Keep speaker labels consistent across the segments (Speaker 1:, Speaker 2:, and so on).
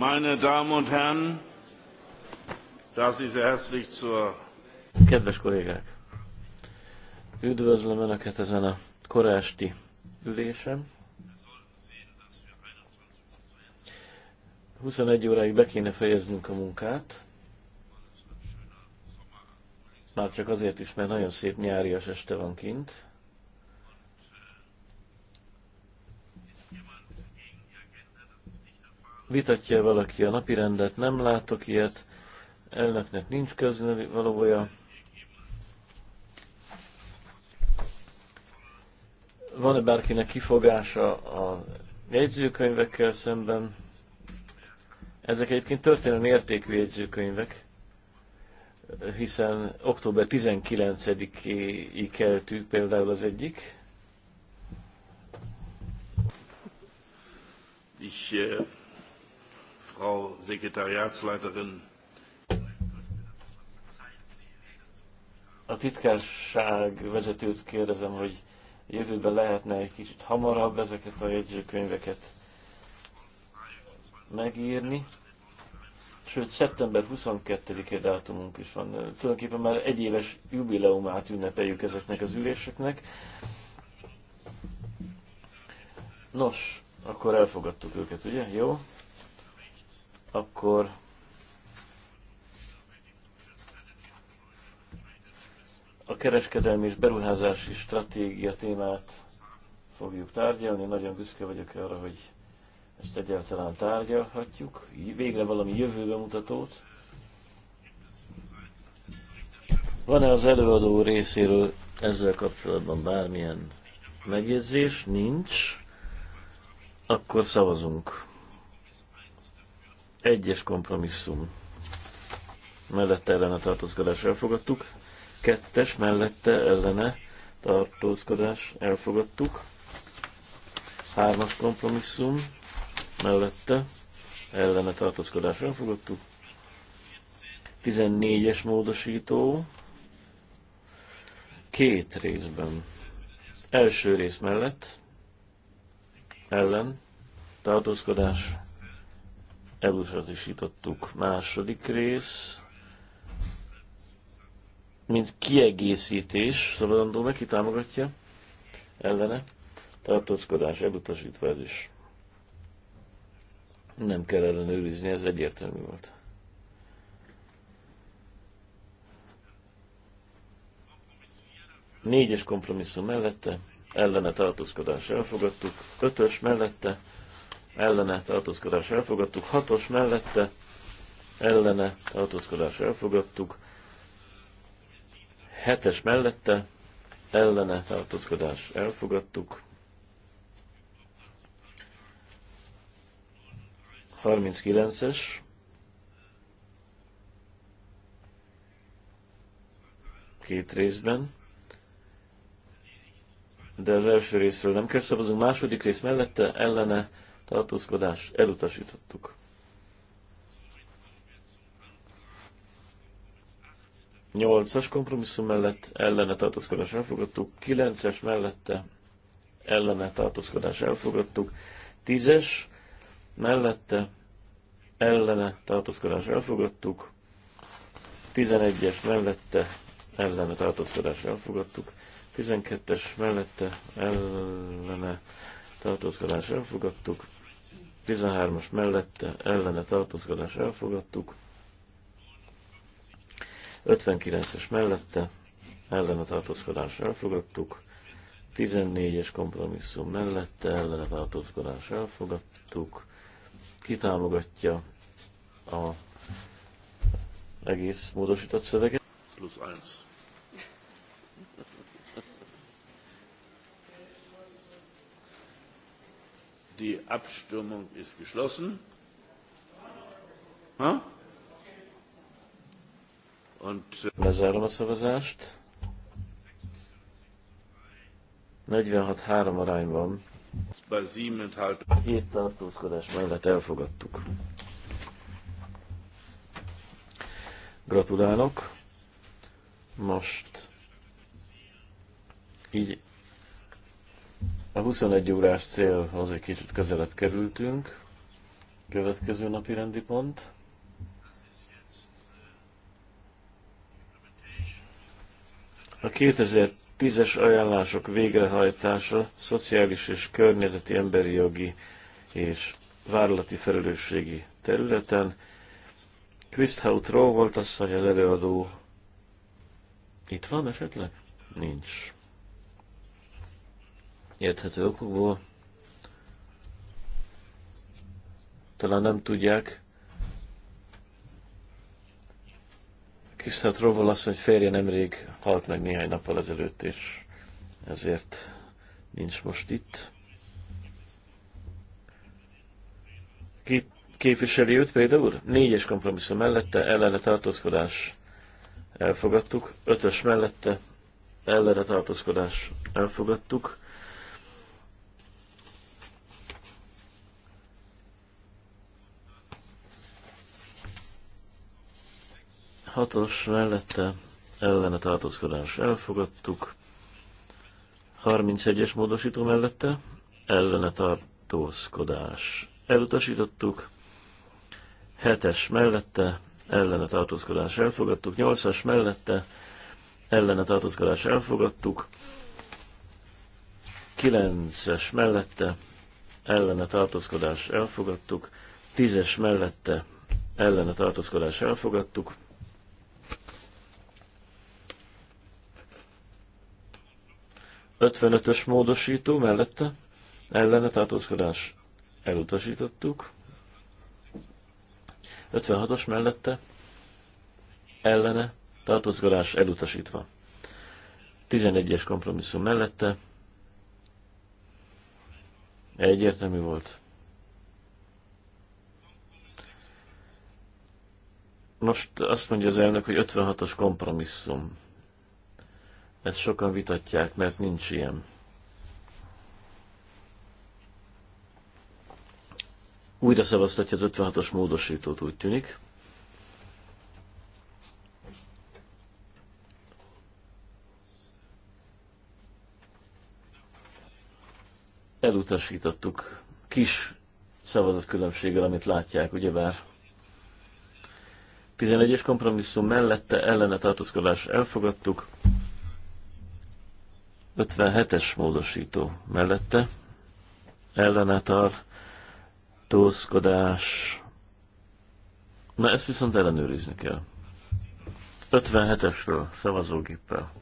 Speaker 1: Meine Damen und Herren, darf ich Sie herzlich zur... Kedves kollégák! Üdvözlöm Önöket ezen a korásti ülésen. 21 óráig be kéne fejeznünk a munkát. Már csak azért is, mert nagyon szép nyárias este van kint. vitatja valaki a napirendet, nem látok ilyet, elnöknek nincs közleni valója. Van-e bárkinek kifogása a jegyzőkönyvekkel szemben? Ezek egyébként történelmi értékű jegyzőkönyvek, hiszen október 19-i keltű például az egyik. Ich äh, Frau Sekretariatsleiterin. A titkárság vezetőt kérdezem, hogy jövőben lehetne egy kicsit hamarabb ezeket a jegyzőkönyveket megírni. Sőt, szeptember 22-e dátumunk is van. Tulajdonképpen már egy éves jubileumát ünnepeljük ezeknek az üléseknek. Nos, akkor elfogadtuk őket, ugye? Jó akkor a kereskedelmi és beruházási stratégia témát fogjuk tárgyalni. Nagyon büszke vagyok arra, hogy ezt egyáltalán tárgyalhatjuk. Végre valami jövőbe mutatót. Van-e az előadó részéről ezzel kapcsolatban bármilyen megjegyzés? Nincs. Akkor szavazunk. Egyes kompromisszum mellette ellene tartózkodás elfogadtuk. Kettes mellette ellene tartózkodás elfogadtuk. Hármas kompromisszum mellette ellene tartózkodás elfogadtuk. 14-es módosító két részben. Első rész mellett ellen tartózkodás elutasítottuk. Második rész, mint kiegészítés, szabadandó neki támogatja ellene. Tartózkodás elutasítva ez is. Nem kell ellenőrizni, ez egyértelmű volt. Négyes kompromisszum mellette, ellene tartózkodás elfogadtuk, ötös mellette, ellene tartózkodás elfogadtuk, hatos mellette ellene tartózkodás elfogadtuk, hetes mellette ellene tartózkodás elfogadtuk, 39-es, két részben, de az első részről nem kell szavazunk, második rész mellette ellene tartózkodás elutasítottuk. Nyolcas kompromisszum mellett ellene tartózkodás elfogadtuk, kilences mellette ellene tartózkodás elfogadtuk, tízes mellette ellene tartózkodás elfogadtuk, tizenegyes mellette ellene tartózkodás elfogadtuk, Tizenkettes mellette ellene tartózkodás elfogadtuk, 13-as mellette ellene tartózkodás elfogadtuk. 59-es mellette ellene tartózkodás elfogadtuk. 14-es kompromisszum mellette ellene tartózkodás elfogadtuk. Kitámogatja a egész módosított szöveget. Plusz 1. Die Abstimmung ist geschlossen. Ha? Und äh, Lezárom a szavazást. 46-3 arányban. Hét tartózkodás mellett elfogadtuk. Gratulálok. Most így a 21 órás célhoz egy kicsit közelebb kerültünk. Következő napi rendi pont. A 2010-es ajánlások végrehajtása szociális és környezeti emberi jogi és vállalati felelősségi területen. Quisthout Ró volt hogy az előadó. Itt van esetleg? Nincs érthető okokból. Talán nem tudják. Kisztát Rovol hogy férje nemrég halt meg néhány nappal ezelőtt, és ezért nincs most itt. Ki képviseli őt például? Négyes kompromisszum mellette, ellene tartózkodás elfogadtuk, ötös mellette, ellene tartózkodás elfogadtuk, Hatos mellette ellene tartózkodás elfogadtuk. 31-es módosító mellette ellene tartózkodás elutasítottuk. 7-es mellette ellene tartózkodás elfogadtuk. 8-as mellette ellene tartózkodás elfogadtuk. 9-es mellette ellene tartózkodás elfogadtuk. 10-es mellette ellene tartózkodás elfogadtuk. 55-ös módosító mellette ellene tartózkodás elutasítottuk. 56-os mellette ellene tartózkodás elutasítva. 11-es kompromisszum mellette egyértelmű volt. Most azt mondja az elnök, hogy 56-os kompromisszum. Ezt sokan vitatják, mert nincs ilyen. Újra szavaztatja az 56-os módosítót, úgy tűnik. Elutasítottuk kis szavazatkülönbséggel, amit látják, ugyebár. 11-es kompromisszum mellette ellene tartózkodás elfogadtuk. 57-es módosító mellette ellenátar tózkodás. Na ezt viszont ellenőrizni kell. 57-esről szavazógéppel.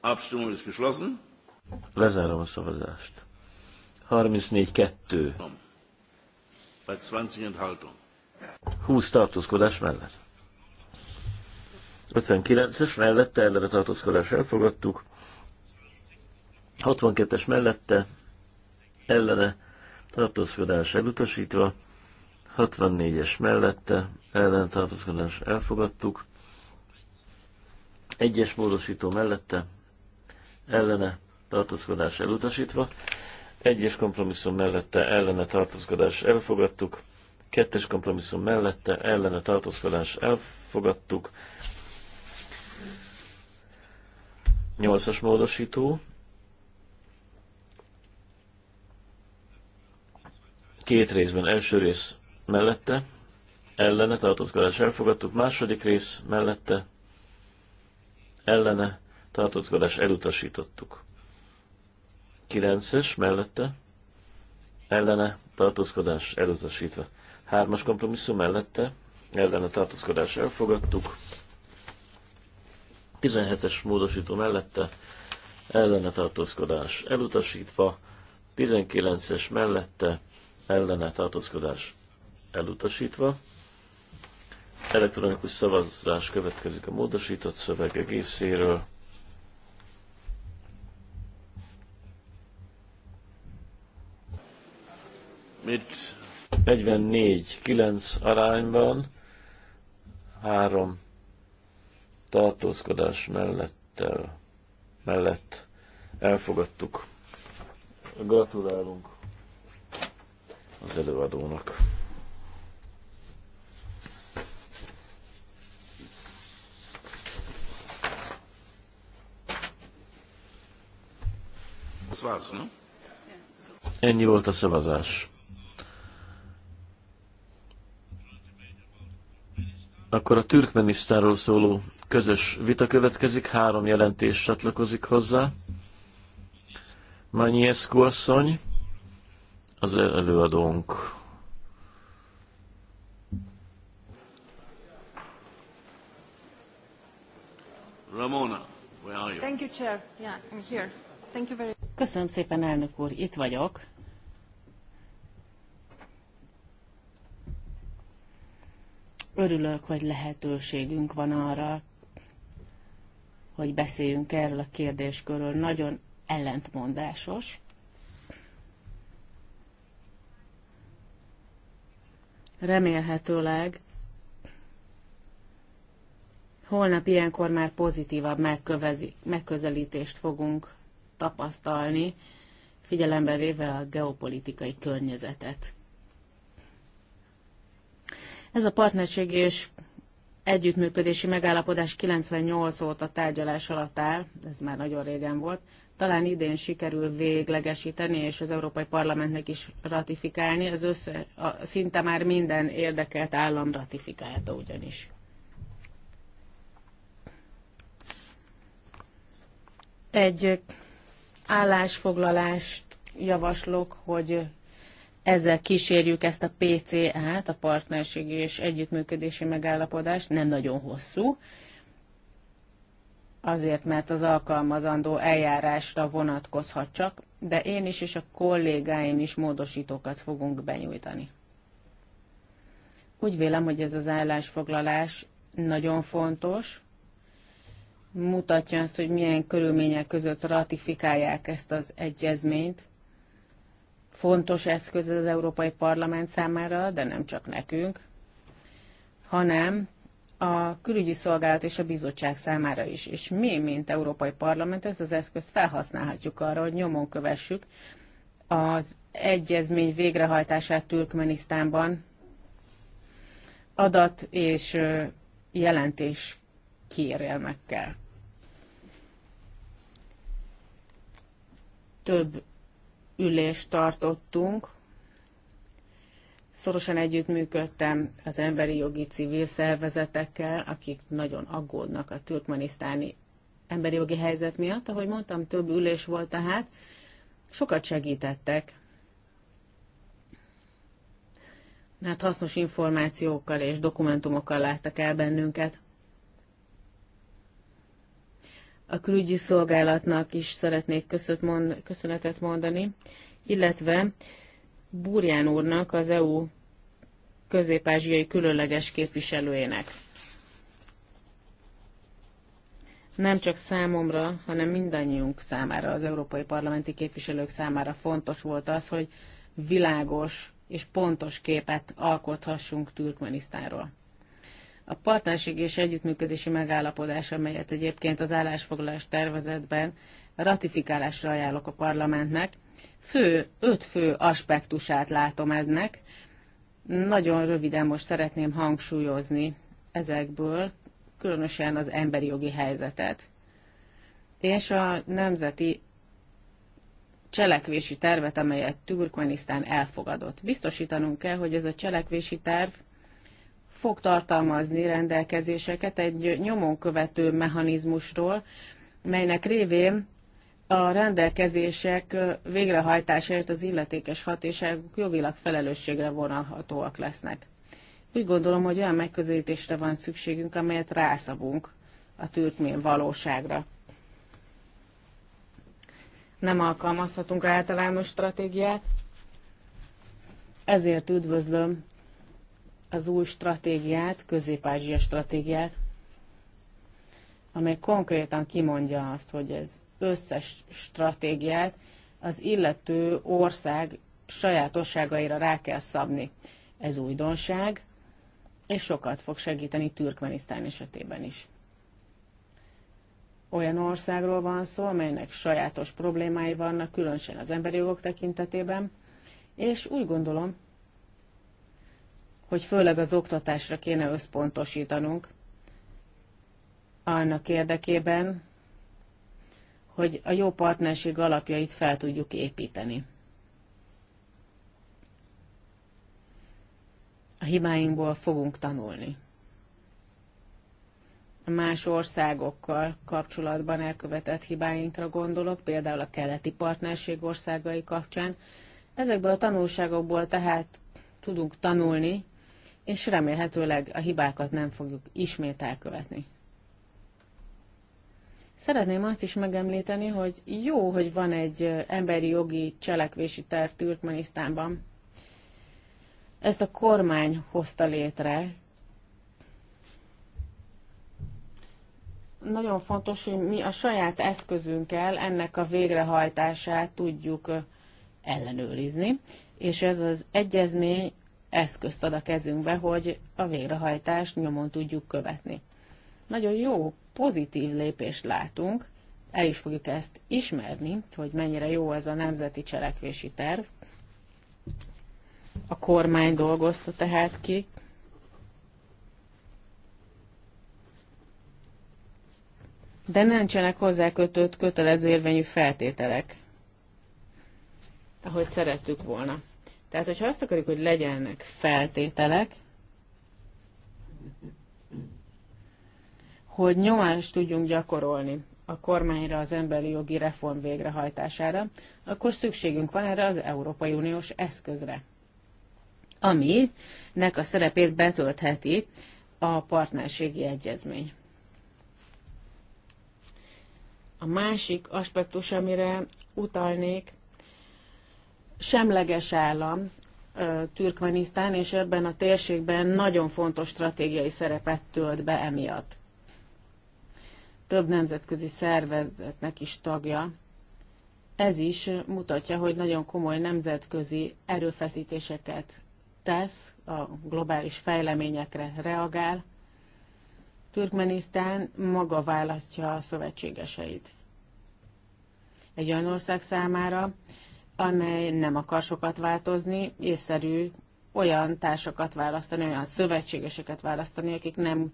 Speaker 1: Abstimmung ist geschlossen. Lezárom a szavazást. 34-2. Bei 20 Enthaltung. 20 tartózkodás mellett. 59-es mellette ellene tartózkodás elfogadtuk. 62-es mellette ellene tartózkodás elutasítva, 64-es mellette ellen tartózkodás elfogadtuk, egyes módosító mellette ellene tartózkodás elutasítva, egyes kompromisszum mellette ellene tartózkodás elfogadtuk, 2-es kompromisszum mellette ellene tartózkodás elfogadtuk, nyolcas módosító két részben, első rész mellette, ellene tartózkodás elfogadtuk, második rész mellette, ellene tartózkodás elutasítottuk. Kilences mellette, ellene tartózkodás elutasítva. Hármas kompromisszum mellette, ellene tartózkodás elfogadtuk. 17-es módosító mellette, ellene tartózkodás elutasítva. 19-es mellette, ellene tartózkodás elutasítva. Elektronikus szavazás következik a módosított szöveg egészéről. Mit? 44-9 arányban, három tartózkodás mellettel, mellett elfogadtuk. Gratulálunk! az előadónak. Ennyi volt a szavazás. Akkor a Türkmenisztáról szóló közös vita következik, három jelentés csatlakozik hozzá. Manyeszku asszony, az előadónk. Ramona, where are you?
Speaker 2: Thank you, Chair. Yeah, I'm here. Thank you very much. Köszönöm szépen, elnök úr, itt vagyok. Örülök, hogy lehetőségünk van arra, hogy beszéljünk erről a kérdéskörről. Nagyon ellentmondásos remélhetőleg holnap ilyenkor már pozitívabb megközelítést fogunk tapasztalni, figyelembe véve a geopolitikai környezetet. Ez a partnerség és együttműködési megállapodás 98 óta tárgyalás alatt áll, ez már nagyon régen volt, talán idén sikerül véglegesíteni, és az Európai Parlamentnek is ratifikálni. Az össze, a, szinte már minden érdekelt állam ratifikálta ugyanis. Egy állásfoglalást javaslok, hogy ezzel kísérjük ezt a PCA-t, a partnerségi és együttműködési megállapodást, nem nagyon hosszú, azért, mert az alkalmazandó eljárásra vonatkozhat csak, de én is és a kollégáim is módosítókat fogunk benyújtani. Úgy vélem, hogy ez az állásfoglalás nagyon fontos, mutatja azt, hogy milyen körülmények között ratifikálják ezt az egyezményt. Fontos eszköz az Európai Parlament számára, de nem csak nekünk, hanem a külügyi szolgálat és a bizottság számára is. És mi, mint Európai Parlament, ezt az eszközt felhasználhatjuk arra, hogy nyomon kövessük az egyezmény végrehajtását Türkmenisztánban adat és jelentés kérelmekkel. Több ülést tartottunk Szorosan együttműködtem az emberi jogi civil szervezetekkel, akik nagyon aggódnak a türkmenisztáni emberi jogi helyzet miatt. Ahogy mondtam, több ülés volt tehát, sokat segítettek. mert hasznos információkkal és dokumentumokkal láttak el bennünket. A külügyi szolgálatnak is szeretnék köszönetet mondani, illetve Burján úrnak, az EU közép-ázsiai különleges képviselőjének. Nem csak számomra, hanem mindannyiunk számára, az európai parlamenti képviselők számára fontos volt az, hogy világos és pontos képet alkothassunk Türkmenisztánról. A partnerség és együttműködési megállapodás, amelyet egyébként az állásfoglalás tervezetben ratifikálásra ajánlok a parlamentnek. Fő, öt fő aspektusát látom ennek. Nagyon röviden most szeretném hangsúlyozni ezekből, különösen az emberi jogi helyzetet, és a nemzeti cselekvési tervet, amelyet Türkmenisztán elfogadott. Biztosítanunk kell, hogy ez a cselekvési terv fog tartalmazni rendelkezéseket egy nyomon követő mechanizmusról, melynek révén a rendelkezések végrehajtásáért az illetékes hatóságok jogilag felelősségre vonalhatóak lesznek. Úgy gondolom, hogy olyan megközelítésre van szükségünk, amelyet rászabunk a türkmén valóságra. Nem alkalmazhatunk általános stratégiát, ezért üdvözlöm az új stratégiát, közép-ázsia stratégiát, amely konkrétan kimondja azt, hogy ez összes stratégiát az illető ország sajátosságaira rá kell szabni. Ez újdonság, és sokat fog segíteni Türkmenisztán esetében is. Olyan országról van szó, amelynek sajátos problémái vannak, különösen az emberi jogok tekintetében, és úgy gondolom, hogy főleg az oktatásra kéne összpontosítanunk, annak érdekében, hogy a jó partnerség alapjait fel tudjuk építeni. A hibáinkból fogunk tanulni. A más országokkal kapcsolatban elkövetett hibáinkra gondolok, például a keleti partnerség országai kapcsán. Ezekből a tanulságokból tehát tudunk tanulni, és remélhetőleg a hibákat nem fogjuk ismét elkövetni. Szeretném azt is megemlíteni, hogy jó, hogy van egy emberi jogi cselekvési terv Türkmenisztánban. Ezt a kormány hozta létre. Nagyon fontos, hogy mi a saját eszközünkkel ennek a végrehajtását tudjuk ellenőrizni, és ez az egyezmény eszközt ad a kezünkbe, hogy a végrehajtást nyomon tudjuk követni. Nagyon jó pozitív lépést látunk, el is fogjuk ezt ismerni, hogy mennyire jó ez a nemzeti cselekvési terv. A kormány dolgozta tehát ki. De nincsenek hozzá kötött kötelező érvényű feltételek, ahogy szerettük volna. Tehát, hogyha azt akarjuk, hogy legyenek feltételek, hogy nyomást tudjunk gyakorolni a kormányra az emberi jogi reform végrehajtására, akkor szükségünk van erre az Európai Uniós eszközre, aminek a szerepét betöltheti a partnerségi egyezmény. A másik aspektus, amire utalnék, semleges állam, Türkmenisztán, és ebben a térségben nagyon fontos stratégiai szerepet tölt be emiatt több nemzetközi szervezetnek is tagja. Ez is mutatja, hogy nagyon komoly nemzetközi erőfeszítéseket tesz, a globális fejleményekre reagál. Türkmenisztán maga választja a szövetségeseit. Egy olyan ország számára, amely nem akar sokat változni, észszerű olyan társakat választani, olyan szövetségeseket választani, akik nem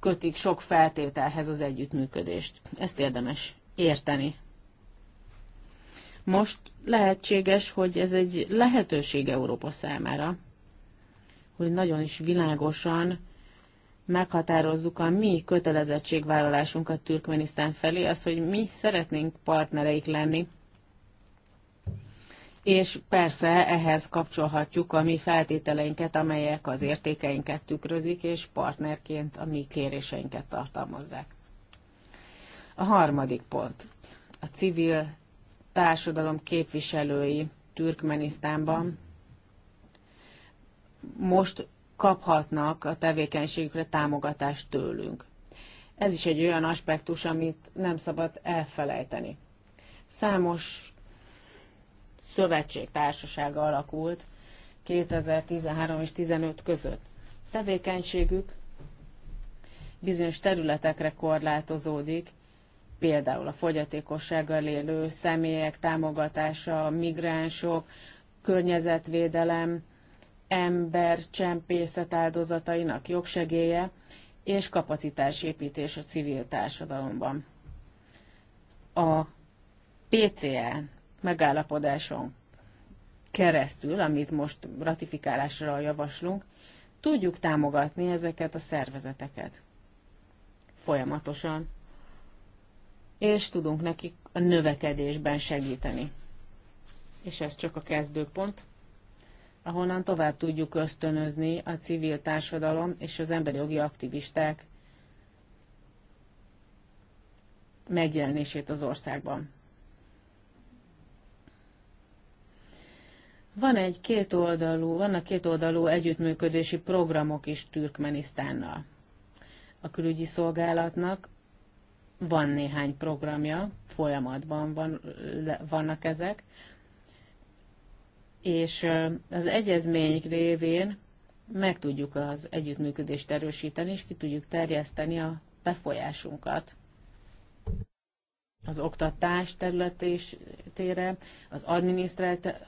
Speaker 2: kötik sok feltételhez az együttműködést. Ezt érdemes érteni. Most lehetséges, hogy ez egy lehetőség Európa számára, hogy nagyon is világosan meghatározzuk a mi kötelezettségvállalásunkat Türkmenisztán felé, az, hogy mi szeretnénk partnereik lenni és persze ehhez kapcsolhatjuk a mi feltételeinket, amelyek az értékeinket tükrözik, és partnerként a mi kéréseinket tartalmazzák. A harmadik pont. A civil társadalom képviselői Türkmenisztánban most kaphatnak a tevékenységükre támogatást tőlünk. Ez is egy olyan aspektus, amit nem szabad elfelejteni. Számos szövetség társasága alakult 2013 és 15 között. Tevékenységük bizonyos területekre korlátozódik, például a fogyatékossággal élő személyek támogatása, migránsok, környezetvédelem, ember csempészet áldozatainak jogsegélye és kapacitásépítés a civil társadalomban. A PCE megállapodáson keresztül, amit most ratifikálásra javaslunk, tudjuk támogatni ezeket a szervezeteket folyamatosan, és tudunk nekik a növekedésben segíteni. És ez csak a kezdőpont, ahonnan tovább tudjuk ösztönözni a civil társadalom és az emberi jogi aktivisták megjelenését az országban. Van egy kétoldalú, vannak kétoldalú együttműködési programok is Türkmenisztánnal. A külügyi szolgálatnak van néhány programja, folyamatban van, vannak ezek, és az egyezmény révén meg tudjuk az együttműködést erősíteni, és ki tudjuk terjeszteni a befolyásunkat az oktatás területére, az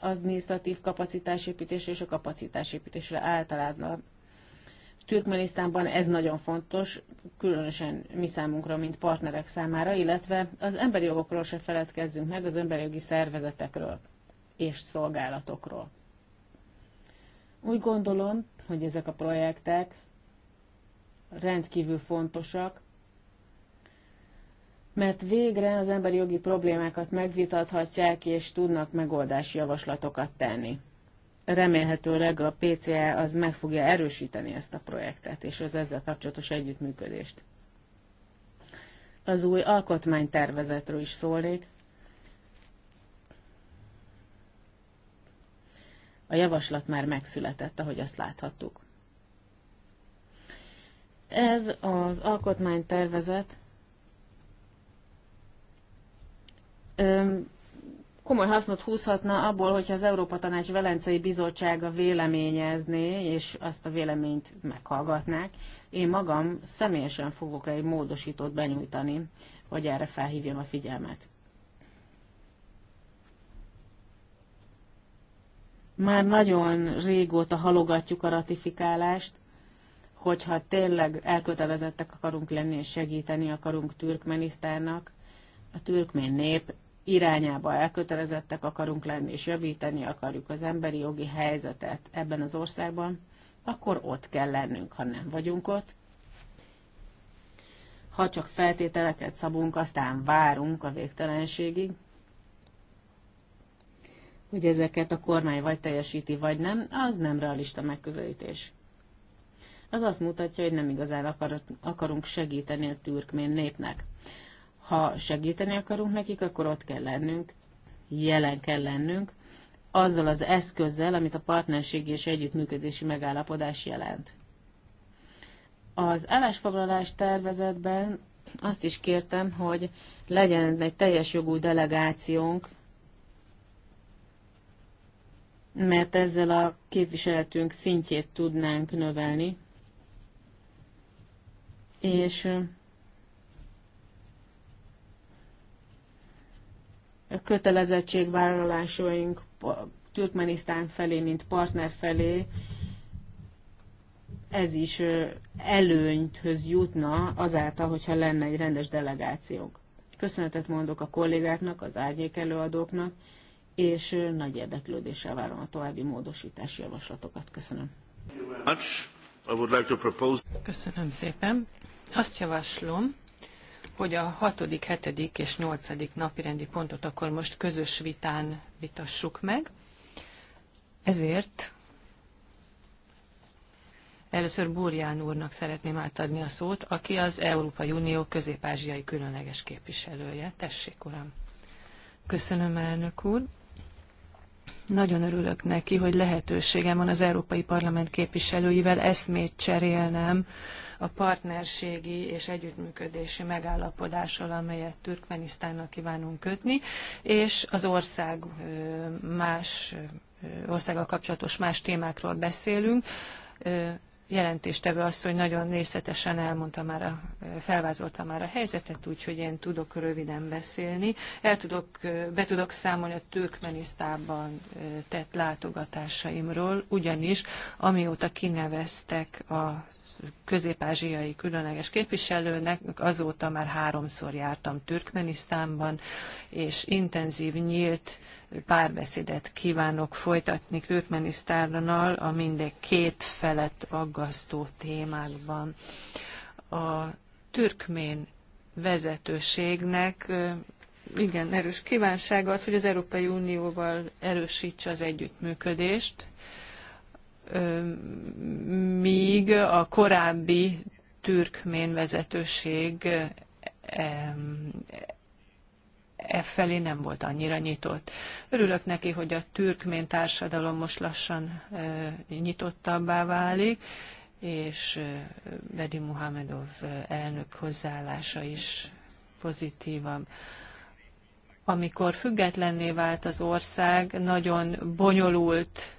Speaker 2: adminisztratív kapacitásépítésre és a kapacitásépítésre általában. Türkmenisztánban ez nagyon fontos, különösen mi számunkra, mint partnerek számára, illetve az emberi jogokról se feledkezzünk meg, az emberi jogi szervezetekről és szolgálatokról. Úgy gondolom, hogy ezek a projektek rendkívül fontosak mert végre az emberi jogi problémákat megvitathatják és tudnak megoldási javaslatokat tenni. Remélhetőleg a PCE az meg fogja erősíteni ezt a projektet és az ezzel kapcsolatos együttműködést. Az új alkotmánytervezetről is szólnék. A javaslat már megszületett, ahogy azt láthattuk. Ez az alkotmánytervezet komoly hasznot húzhatna abból, hogyha az Európa Tanács Velencei Bizottsága véleményezné, és azt a véleményt meghallgatnák. Én magam személyesen fogok egy módosítót benyújtani, hogy erre felhívjam a figyelmet. Már nagyon régóta halogatjuk a ratifikálást, hogyha tényleg elkötelezettek akarunk lenni és segíteni akarunk Türkmenisztánnak, a türkmén nép irányába elkötelezettek akarunk lenni, és javítani akarjuk az emberi jogi helyzetet ebben az országban, akkor ott kell lennünk, ha nem vagyunk ott. Ha csak feltételeket szabunk, aztán várunk a végtelenségig, hogy ezeket a kormány vagy teljesíti, vagy nem, az nem realista megközelítés. Az azt mutatja, hogy nem igazán akarunk segíteni a türkmén népnek. Ha segíteni akarunk nekik, akkor ott kell lennünk, jelen kell lennünk, azzal az eszközzel, amit a partnerség és együttműködési megállapodás jelent. Az állásfoglalás tervezetben azt is kértem, hogy legyen egy teljes jogú delegációnk, mert ezzel a képviseletünk szintjét tudnánk növelni, és kötelezettségvállalásaink Türkmenisztán felé, mint partner felé, ez is előnyhöz jutna azáltal, hogyha lenne egy rendes delegációnk. Köszönetet mondok a kollégáknak, az árnyék előadóknak, és nagy érdeklődéssel várom a további módosítási javaslatokat. Köszönöm. Köszönöm szépen. Azt javaslom, hogy a
Speaker 3: hatodik, hetedik és nyolcadik napirendi pontot akkor most közös vitán vitassuk meg. Ezért először Burján úrnak szeretném átadni a szót, aki az Európai Unió közép-ázsiai különleges képviselője. Tessék, uram! Köszönöm, elnök úr! Nagyon örülök neki, hogy lehetőségem van az Európai Parlament képviselőivel eszmét cserélnem, a partnerségi és együttműködési megállapodással, amelyet Türkmenisztánnak kívánunk kötni, és az ország más országgal kapcsolatos más témákról beszélünk. Jelentéstevő az, hogy nagyon részletesen elmondta már, a, felvázolta már a helyzetet, úgyhogy én tudok röviden beszélni. El tudok, be tudok számolni a Türkmenisztában tett látogatásaimról, ugyanis amióta kineveztek a közép-ázsiai különleges képviselőnek, azóta már háromszor jártam Türkmenisztánban, és intenzív, nyílt párbeszédet kívánok folytatni Türkmenisztánnal a mindegy két felett aggasztó témákban. A türkmén vezetőségnek igen erős kívánsága az, hogy az Európai Unióval erősítse az együttműködést, míg a korábbi türkmén vezetőség e felé nem volt annyira nyitott. Örülök neki, hogy a türkmén társadalom most lassan e, nyitottabbá válik, és Bedi Muhamedov e, elnök hozzáállása is pozitívabb. Amikor függetlenné vált az ország, nagyon bonyolult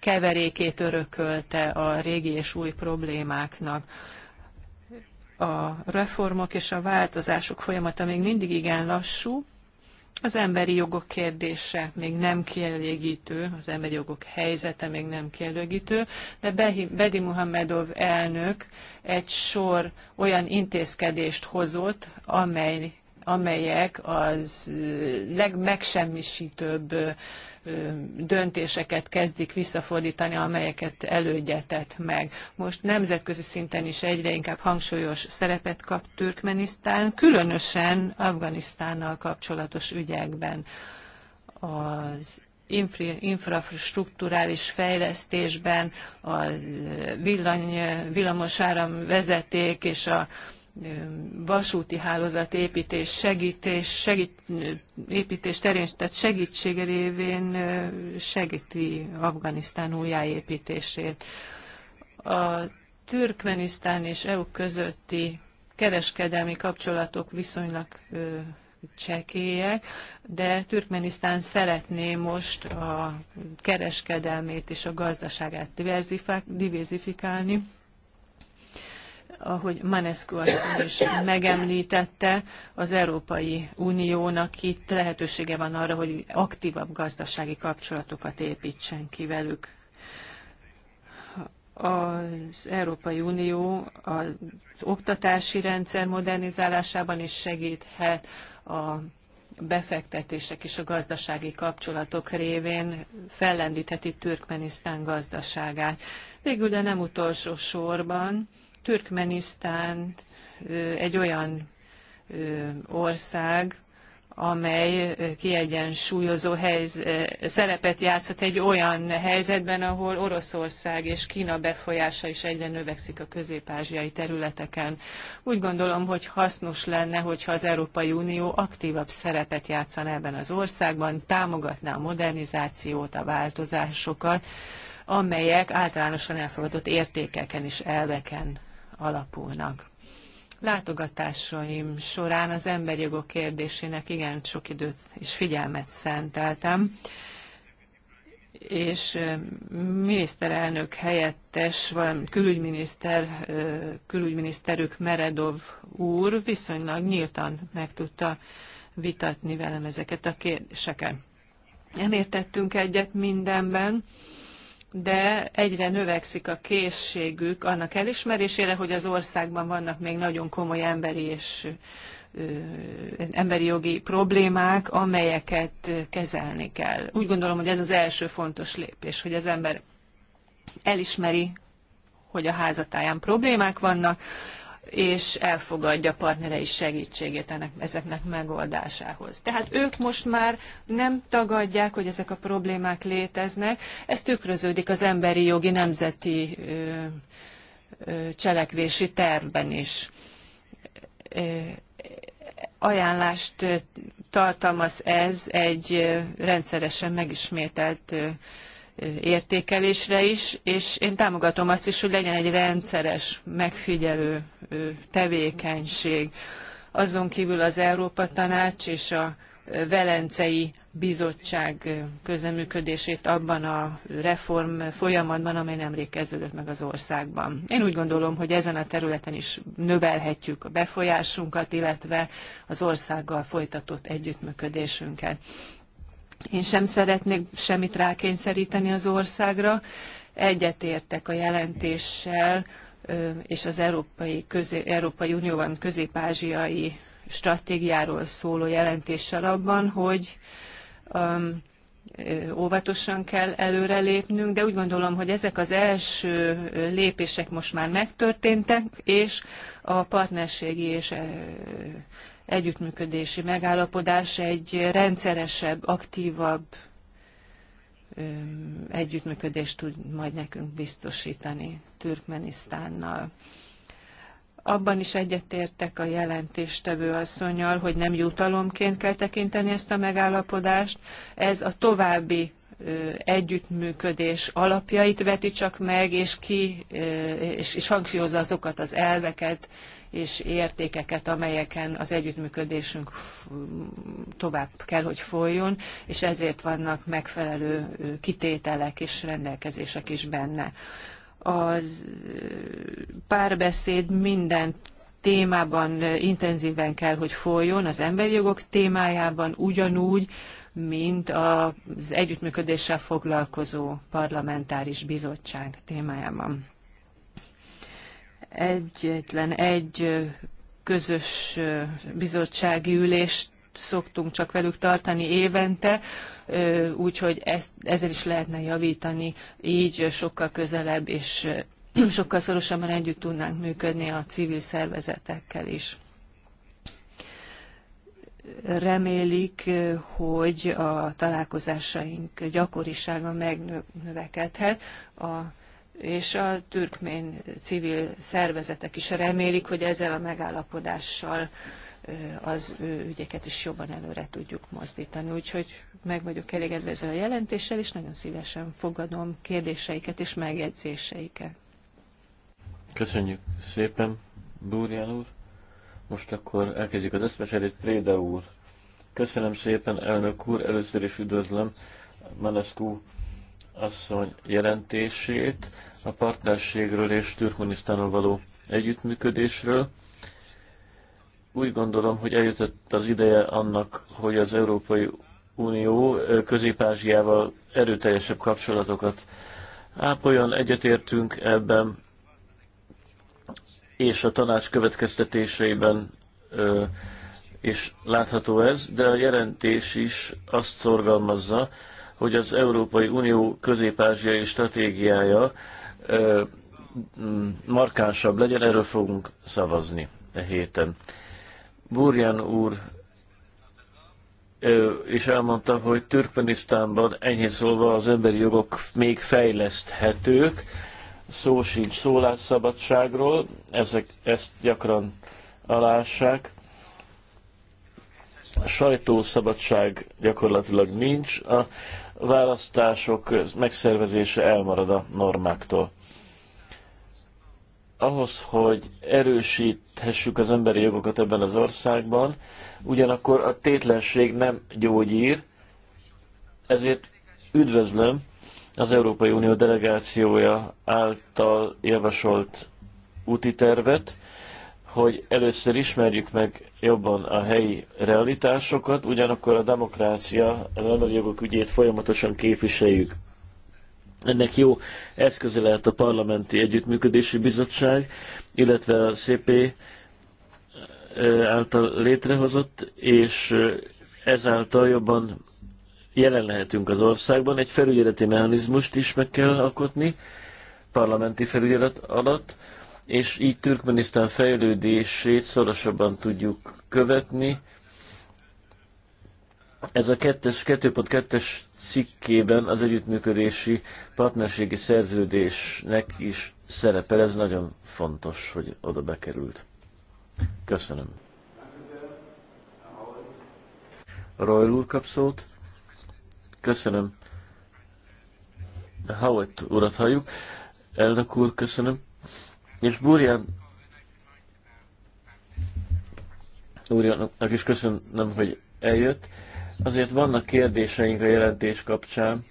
Speaker 3: keverékét örökölte a régi és új problémáknak. A reformok és a változások folyamata még mindig igen lassú, az emberi jogok kérdése még nem kielégítő, az emberi jogok helyzete még nem kielégítő, de Bedi Muhammedov elnök egy sor olyan intézkedést hozott, amely amelyek az legmegsemmisítőbb döntéseket kezdik visszafordítani, amelyeket elődjetett meg. Most nemzetközi szinten is egyre inkább hangsúlyos szerepet kap Türkmenisztán, különösen Afganisztánnal kapcsolatos ügyekben. Az infrastruktúrális fejlesztésben, a villany, villamosáram vezeték és a vasúti hálózat építés, segítés, segít, építés terén, tehát segítség révén segíti Afganisztán újjáépítését. A Türkmenisztán és EU közötti kereskedelmi kapcsolatok viszonylag csekélyek, de Türkmenisztán szeretné most a kereskedelmét és a gazdaságát diversifikálni ahogy Manescu asszony is megemlítette, az Európai Uniónak itt lehetősége van arra, hogy aktívabb gazdasági kapcsolatokat építsen ki velük. Az Európai Unió az oktatási rendszer modernizálásában is segíthet a befektetések és a gazdasági kapcsolatok révén fellendítheti Türkmenisztán gazdaságát. Végül, de nem utolsó sorban, Türkmenisztán egy olyan ország, amely kiegyensúlyozó helyz, szerepet játszhat egy olyan helyzetben, ahol Oroszország és Kína befolyása is egyre növekszik a közép-ázsiai területeken. Úgy gondolom, hogy hasznos lenne, hogyha az Európai Unió aktívabb szerepet játszana ebben az országban, támogatná a modernizációt, a változásokat, amelyek általánosan elfogadott értékeken és elveken alapulnak. Látogatásaim során az emberi jogok kérdésének igen sok időt és figyelmet szenteltem, és miniszterelnök helyettes, valamint külügyminiszter, külügyminiszterük Meredov úr viszonylag nyíltan meg tudta vitatni velem ezeket a kérdéseket. Nem értettünk egyet mindenben, de egyre növekszik a készségük annak elismerésére, hogy az országban vannak még nagyon komoly emberi és emberi jogi problémák, amelyeket kezelni kell. Úgy gondolom, hogy ez az első fontos lépés, hogy az ember elismeri, hogy a házatáján problémák vannak, és elfogadja partnerei segítségét ennek, ezeknek megoldásához. Tehát ők most már nem tagadják, hogy ezek a problémák léteznek, ez tükröződik az emberi jogi nemzeti ö, ö, cselekvési tervben is. Ö, ajánlást tartalmaz ez egy rendszeresen megismételt értékelésre is, és én támogatom azt is, hogy legyen egy rendszeres megfigyelő tevékenység. Azon kívül az Európa Tanács és a Velencei Bizottság közeműködését abban a reform folyamatban, amely nemrég kezdődött meg az országban. Én úgy gondolom, hogy ezen a területen is növelhetjük a befolyásunkat, illetve az országgal folytatott együttműködésünket. Én sem szeretnék semmit rákényszeríteni az országra. Egyetértek a jelentéssel és az Európai, közé, Európai Unióban közép-ázsiai stratégiáról szóló jelentéssel abban, hogy um, óvatosan kell előrelépnünk, de úgy gondolom, hogy ezek az első lépések most már megtörténtek, és a partnerségi és együttműködési megállapodás egy rendszeresebb, aktívabb együttműködést tud majd nekünk biztosítani Türkmenisztánnal. Abban is egyetértek a jelentéstevő asszonyal, hogy nem jutalomként kell tekinteni ezt a megállapodást. Ez a további együttműködés alapjait veti csak meg, és, ki, és, és hangsúlyozza azokat az elveket és értékeket, amelyeken az együttműködésünk tovább kell, hogy folyjon, és ezért vannak megfelelő kitételek és rendelkezések is benne. Az párbeszéd minden témában intenzíven kell, hogy folyjon, az emberi jogok témájában ugyanúgy, mint az együttműködéssel foglalkozó parlamentáris bizottság témájában. Egyetlen egy közös bizottsági ülést szoktunk csak velük tartani évente, úgyhogy ezt, ezzel is lehetne javítani, így sokkal közelebb és sokkal szorosabban együtt tudnánk működni a civil szervezetekkel is remélik, hogy a találkozásaink gyakorisága megnövekedhet, a, és a türkmén civil szervezetek is remélik, hogy ezzel a megállapodással az ügyeket is jobban előre tudjuk mozdítani. Úgyhogy meg vagyok elégedve ezzel a jelentéssel, és nagyon szívesen fogadom kérdéseiket és megjegyzéseiket.
Speaker 1: Köszönjük szépen, Búrján úr! Most akkor elkezdjük az eszmecserét. Préda úr. Köszönöm szépen, elnök úr. Először is üdvözlöm Manescu asszony jelentését a partnerségről és Türkmenisztánnal való együttműködésről. Úgy gondolom, hogy eljutott az ideje annak, hogy az Európai Unió Közép-Ázsiával erőteljesebb kapcsolatokat ápoljon. Egyetértünk ebben és a tanács következtetéseiben ö, és látható ez, de a jelentés is azt szorgalmazza, hogy az Európai Unió közép-ázsiai stratégiája ö, markánsabb legyen, erről fogunk szavazni e héten. Burján úr ö, is elmondta, hogy Türkmenisztánban enyhén szólva az emberi jogok még fejleszthetők, szó sincs szólásszabadságról, ezek ezt gyakran alássák. A sajtószabadság gyakorlatilag nincs, a választások megszervezése elmarad a normáktól. Ahhoz, hogy erősíthessük az emberi jogokat ebben az országban, ugyanakkor a tétlenség nem gyógyír, ezért üdvözlöm, az Európai Unió delegációja által javasolt úti tervet, hogy először ismerjük meg jobban a helyi realitásokat, ugyanakkor a demokrácia, az emberi jogok ügyét folyamatosan képviseljük. Ennek jó eszköze lehet a Parlamenti Együttműködési Bizottság, illetve a CP által létrehozott, és ezáltal jobban jelen lehetünk az országban, egy felügyeleti mechanizmust is meg kell alkotni, parlamenti felügyelet alatt, és így Türkmenisztán fejlődését szorosabban tudjuk követni. Ez a 2.2-es cikkében az együttműködési partnerségi szerződésnek is szerepel, ez nagyon fontos, hogy oda bekerült. Köszönöm. Royal úr kap szót. Köszönöm. Howard urat halljuk. Elnök úr, köszönöm. És Burján úrjának is köszönöm, hogy eljött. Azért vannak kérdéseink a jelentés kapcsán,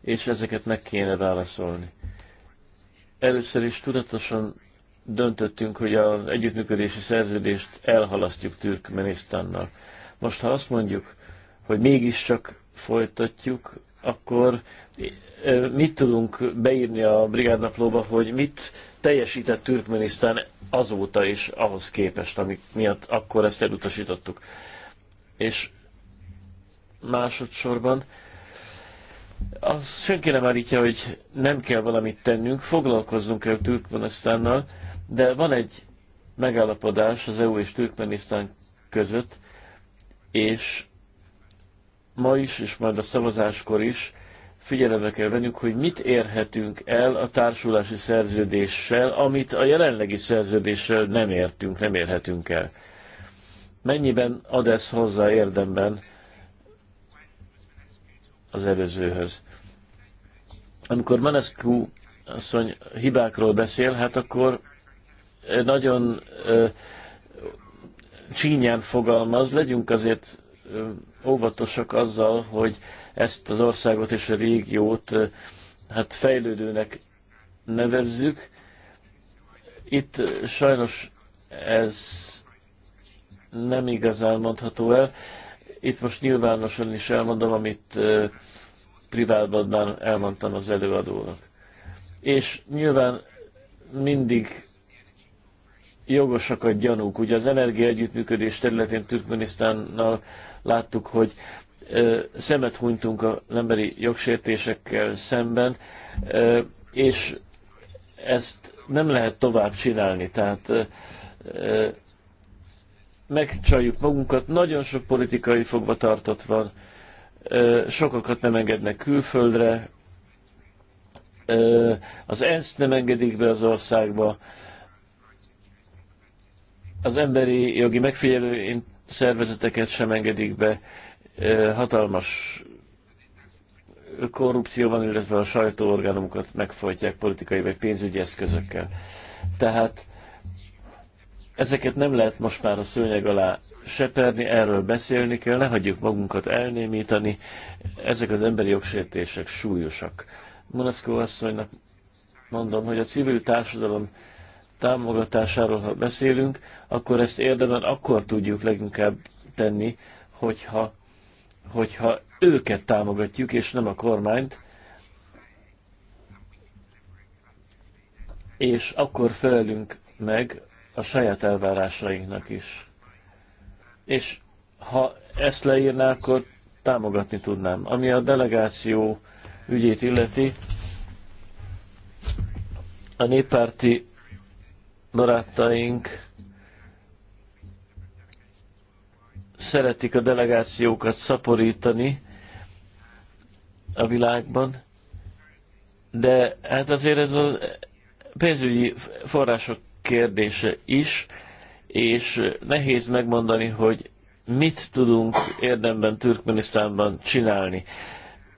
Speaker 1: és ezeket meg kéne válaszolni. Először is tudatosan döntöttünk, hogy az együttműködési szerződést elhalasztjuk Türkmenisztánnal. Most ha azt mondjuk, hogy mégiscsak folytatjuk, akkor mit tudunk beírni a brigádnaplóba, hogy mit teljesített Türkmenisztán azóta is ahhoz képest, amik miatt akkor ezt elutasítottuk. És másodszorban az senki nem állítja, hogy nem kell valamit tennünk, foglalkozzunk el Türkmenisztánnal, de van egy megállapodás az EU és Türkmenisztán között, és ma is, és majd a szavazáskor is figyelembe kell vennünk, hogy mit érhetünk el a társulási szerződéssel, amit a jelenlegi szerződéssel nem értünk, nem érhetünk el. Mennyiben ad ez hozzá érdemben az előzőhöz? Amikor Manescu asszony hibákról beszél, hát akkor eh, nagyon ö, eh, csínyán fogalmaz, legyünk azért eh, óvatosak azzal, hogy ezt az országot és a régiót hát fejlődőnek nevezzük. Itt sajnos ez nem igazán mondható el. Itt most nyilvánosan is elmondom, amit privátban elmondtam az előadónak. És nyilván mindig jogosak a gyanúk. Ugye az energia együttműködés területén Türkmenisztánnal láttuk, hogy szemet hunytunk a emberi jogsértésekkel szemben, és ezt nem lehet tovább csinálni. Tehát megcsaljuk magunkat, nagyon sok politikai tartott van, sokakat nem engednek külföldre, az ENSZ nem engedik be az országba, az emberi jogi megfigyelő szervezeteket sem engedik be, hatalmas korrupció van, illetve a sajtóorgánumokat megfojtják politikai vagy pénzügyi eszközökkel. Tehát ezeket nem lehet most már a szőnyeg alá seperni, erről beszélni kell, ne hagyjuk magunkat elnémítani, ezek az emberi jogsértések súlyosak. Monaszkó asszonynak mondom, hogy a civil társadalom támogatásáról, ha beszélünk, akkor ezt érdemben akkor tudjuk leginkább tenni, hogyha, hogyha őket támogatjuk, és nem a kormányt, és akkor felelünk meg a saját elvárásainknak is. És ha ezt leírná, akkor támogatni tudnám. Ami a delegáció ügyét illeti, a néppárti barátaink szeretik a delegációkat szaporítani a világban, de hát azért ez a pénzügyi források kérdése is, és nehéz megmondani, hogy mit tudunk érdemben Türkmenisztánban csinálni.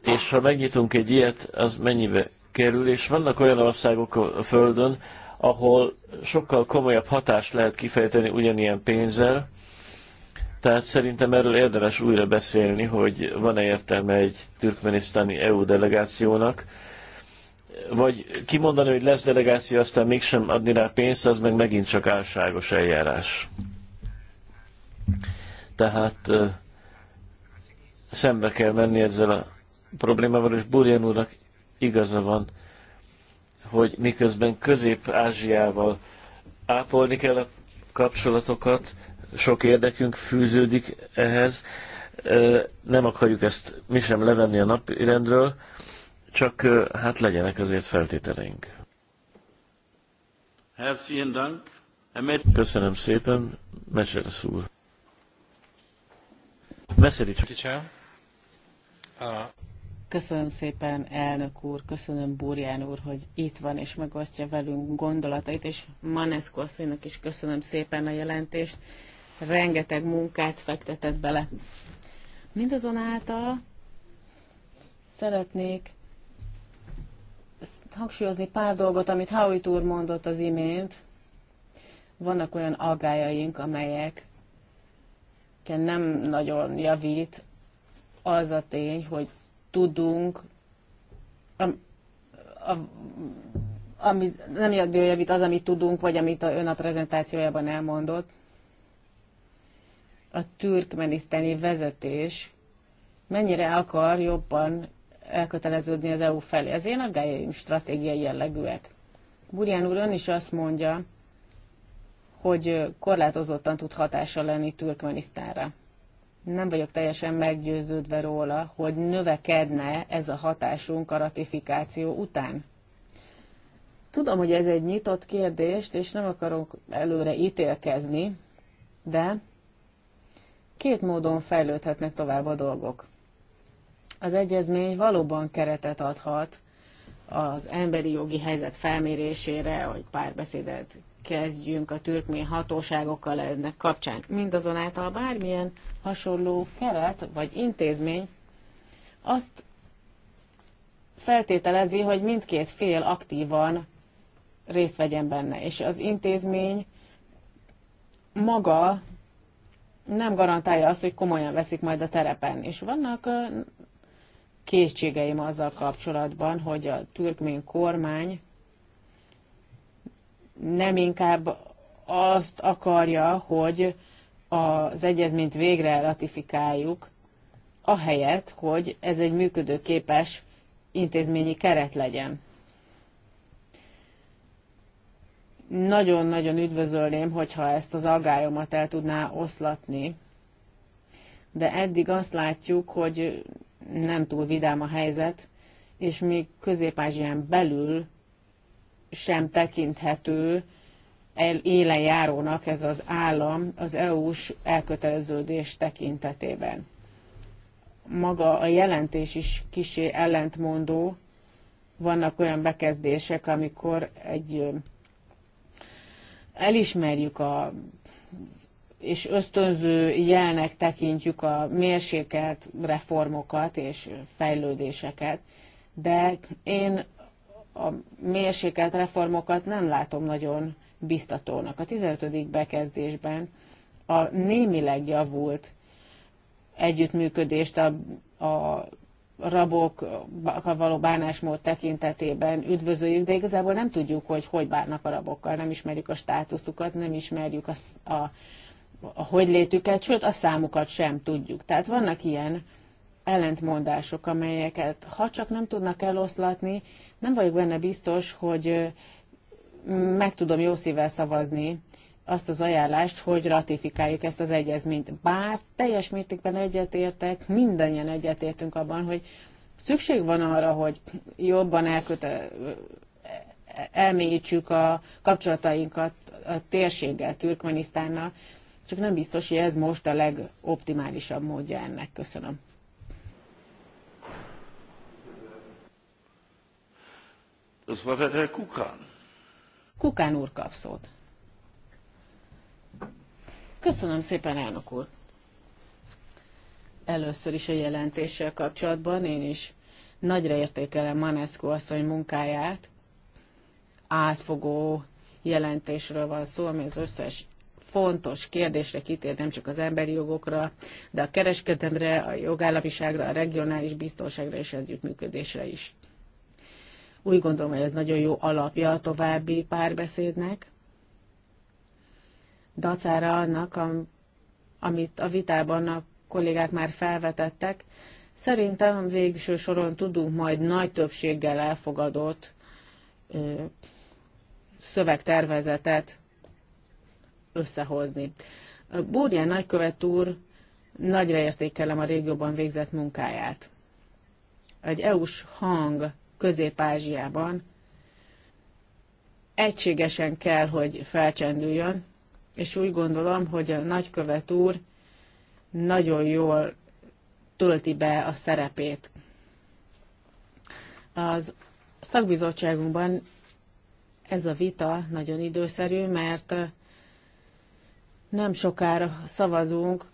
Speaker 1: És ha megnyitunk egy ilyet, az mennyibe kerül, és vannak olyan országok a Földön, ahol sokkal komolyabb hatást lehet kifejteni ugyanilyen pénzzel, tehát szerintem erről érdemes újra beszélni, hogy van-e értelme egy türkmenisztáni EU delegációnak, vagy kimondani, hogy lesz delegáció, aztán mégsem adni rá pénzt, az meg megint csak álságos eljárás. Tehát szembe kell menni ezzel a problémával, és Burjan úrnak igaza van hogy miközben Közép-Ázsiával ápolni kell a kapcsolatokat, sok érdekünk fűződik ehhez, nem akarjuk ezt mi sem levenni a napirendről, csak hát legyenek azért feltételeink. Köszönöm szépen, Meseres úr. Meszerics.
Speaker 2: Köszönöm szépen, elnök úr, köszönöm Búrján úr, hogy itt van és megosztja velünk gondolatait, és Maneszko asszonynak is köszönöm szépen a jelentést. Rengeteg munkát fektetett bele. Mindazonáltal szeretnék hangsúlyozni pár dolgot, amit Howitt úr mondott az imént. Vannak olyan aggájaink, amelyek nem nagyon javít az a tény, hogy tudunk, am, a, ami nem javít az, amit tudunk, vagy amit a ön a prezentációjában elmondott. A türkmeniszteni vezetés mennyire akar jobban elköteleződni az EU felé. Az én aggájaim stratégiai jellegűek. Burján úr ön is azt mondja, hogy korlátozottan tud hatása lenni Türkmenisztánra nem vagyok teljesen meggyőződve róla, hogy növekedne ez a hatásunk a ratifikáció után. Tudom, hogy ez egy nyitott kérdést, és nem akarok előre ítélkezni, de két módon fejlődhetnek tovább a dolgok. Az egyezmény valóban keretet adhat az emberi jogi helyzet felmérésére, vagy párbeszédet kezdjünk a türkmén hatóságokkal ennek kapcsán. Mindazonáltal bármilyen hasonló keret vagy intézmény azt feltételezi, hogy mindkét fél aktívan részt vegyen benne, és az intézmény maga nem garantálja azt, hogy komolyan veszik majd a terepen. És vannak kétségeim azzal kapcsolatban, hogy a türkmén kormány nem inkább azt akarja, hogy az egyezményt végre ratifikáljuk, ahelyett, hogy ez egy működőképes intézményi keret legyen. Nagyon-nagyon üdvözölném, hogyha ezt az agályomat el tudná oszlatni, de eddig azt látjuk, hogy nem túl vidám a helyzet, és még közép belül sem tekinthető élen járónak ez az állam az EU-s elköteleződés tekintetében. Maga a jelentés is kisé ellentmondó, vannak olyan bekezdések, amikor egy elismerjük a és ösztönző jelnek tekintjük a mérsékelt reformokat és fejlődéseket, de én a mérsékelt reformokat nem látom nagyon biztatónak. A 15. bekezdésben a némileg javult együttműködést a, a rabokkal való bánásmód tekintetében üdvözöljük, de igazából nem tudjuk, hogy hogy bánnak a rabokkal, nem ismerjük a státuszukat, nem ismerjük a, a, a hogy létüket, sőt a számukat sem tudjuk. Tehát vannak ilyen ellentmondások, amelyeket ha csak nem tudnak eloszlatni, nem vagyok benne biztos, hogy meg tudom jó szívvel szavazni azt az ajánlást, hogy ratifikáljuk ezt az egyezményt. Bár teljes mértékben egyetértek, mindannyian egyetértünk abban, hogy szükség van arra, hogy jobban elköte, elmélyítsük a kapcsolatainkat a térséggel, Türkmenisztánnal, csak nem biztos, hogy ez most a legoptimálisabb módja ennek. Köszönöm.
Speaker 1: Das war der Herr Kukán.
Speaker 2: Kukán úr kap szót. Köszönöm szépen, elnök úr. Először is a jelentéssel kapcsolatban én is nagyra értékelem Manesco asszony munkáját. Átfogó jelentésről van szó, ami az összes fontos kérdésre kitér, nem csak az emberi jogokra, de a kereskedemre, a jogállamiságra, a regionális biztonságra és együttműködésre is. Úgy gondolom, hogy ez nagyon jó alapja a további párbeszédnek, dacára annak, amit a vitában a kollégák már felvetettek. Szerintem végső soron tudunk majd nagy többséggel elfogadott ö, szövegtervezetet összehozni. Búrján nagykövet úr nagyra értékelem a régióban végzett munkáját. Egy EU-s hang Közép-Ázsiában egységesen kell, hogy felcsendüljön, és úgy gondolom, hogy a nagykövet úr nagyon jól tölti be a szerepét. Az szakbizottságunkban ez a vita nagyon időszerű, mert nem sokára szavazunk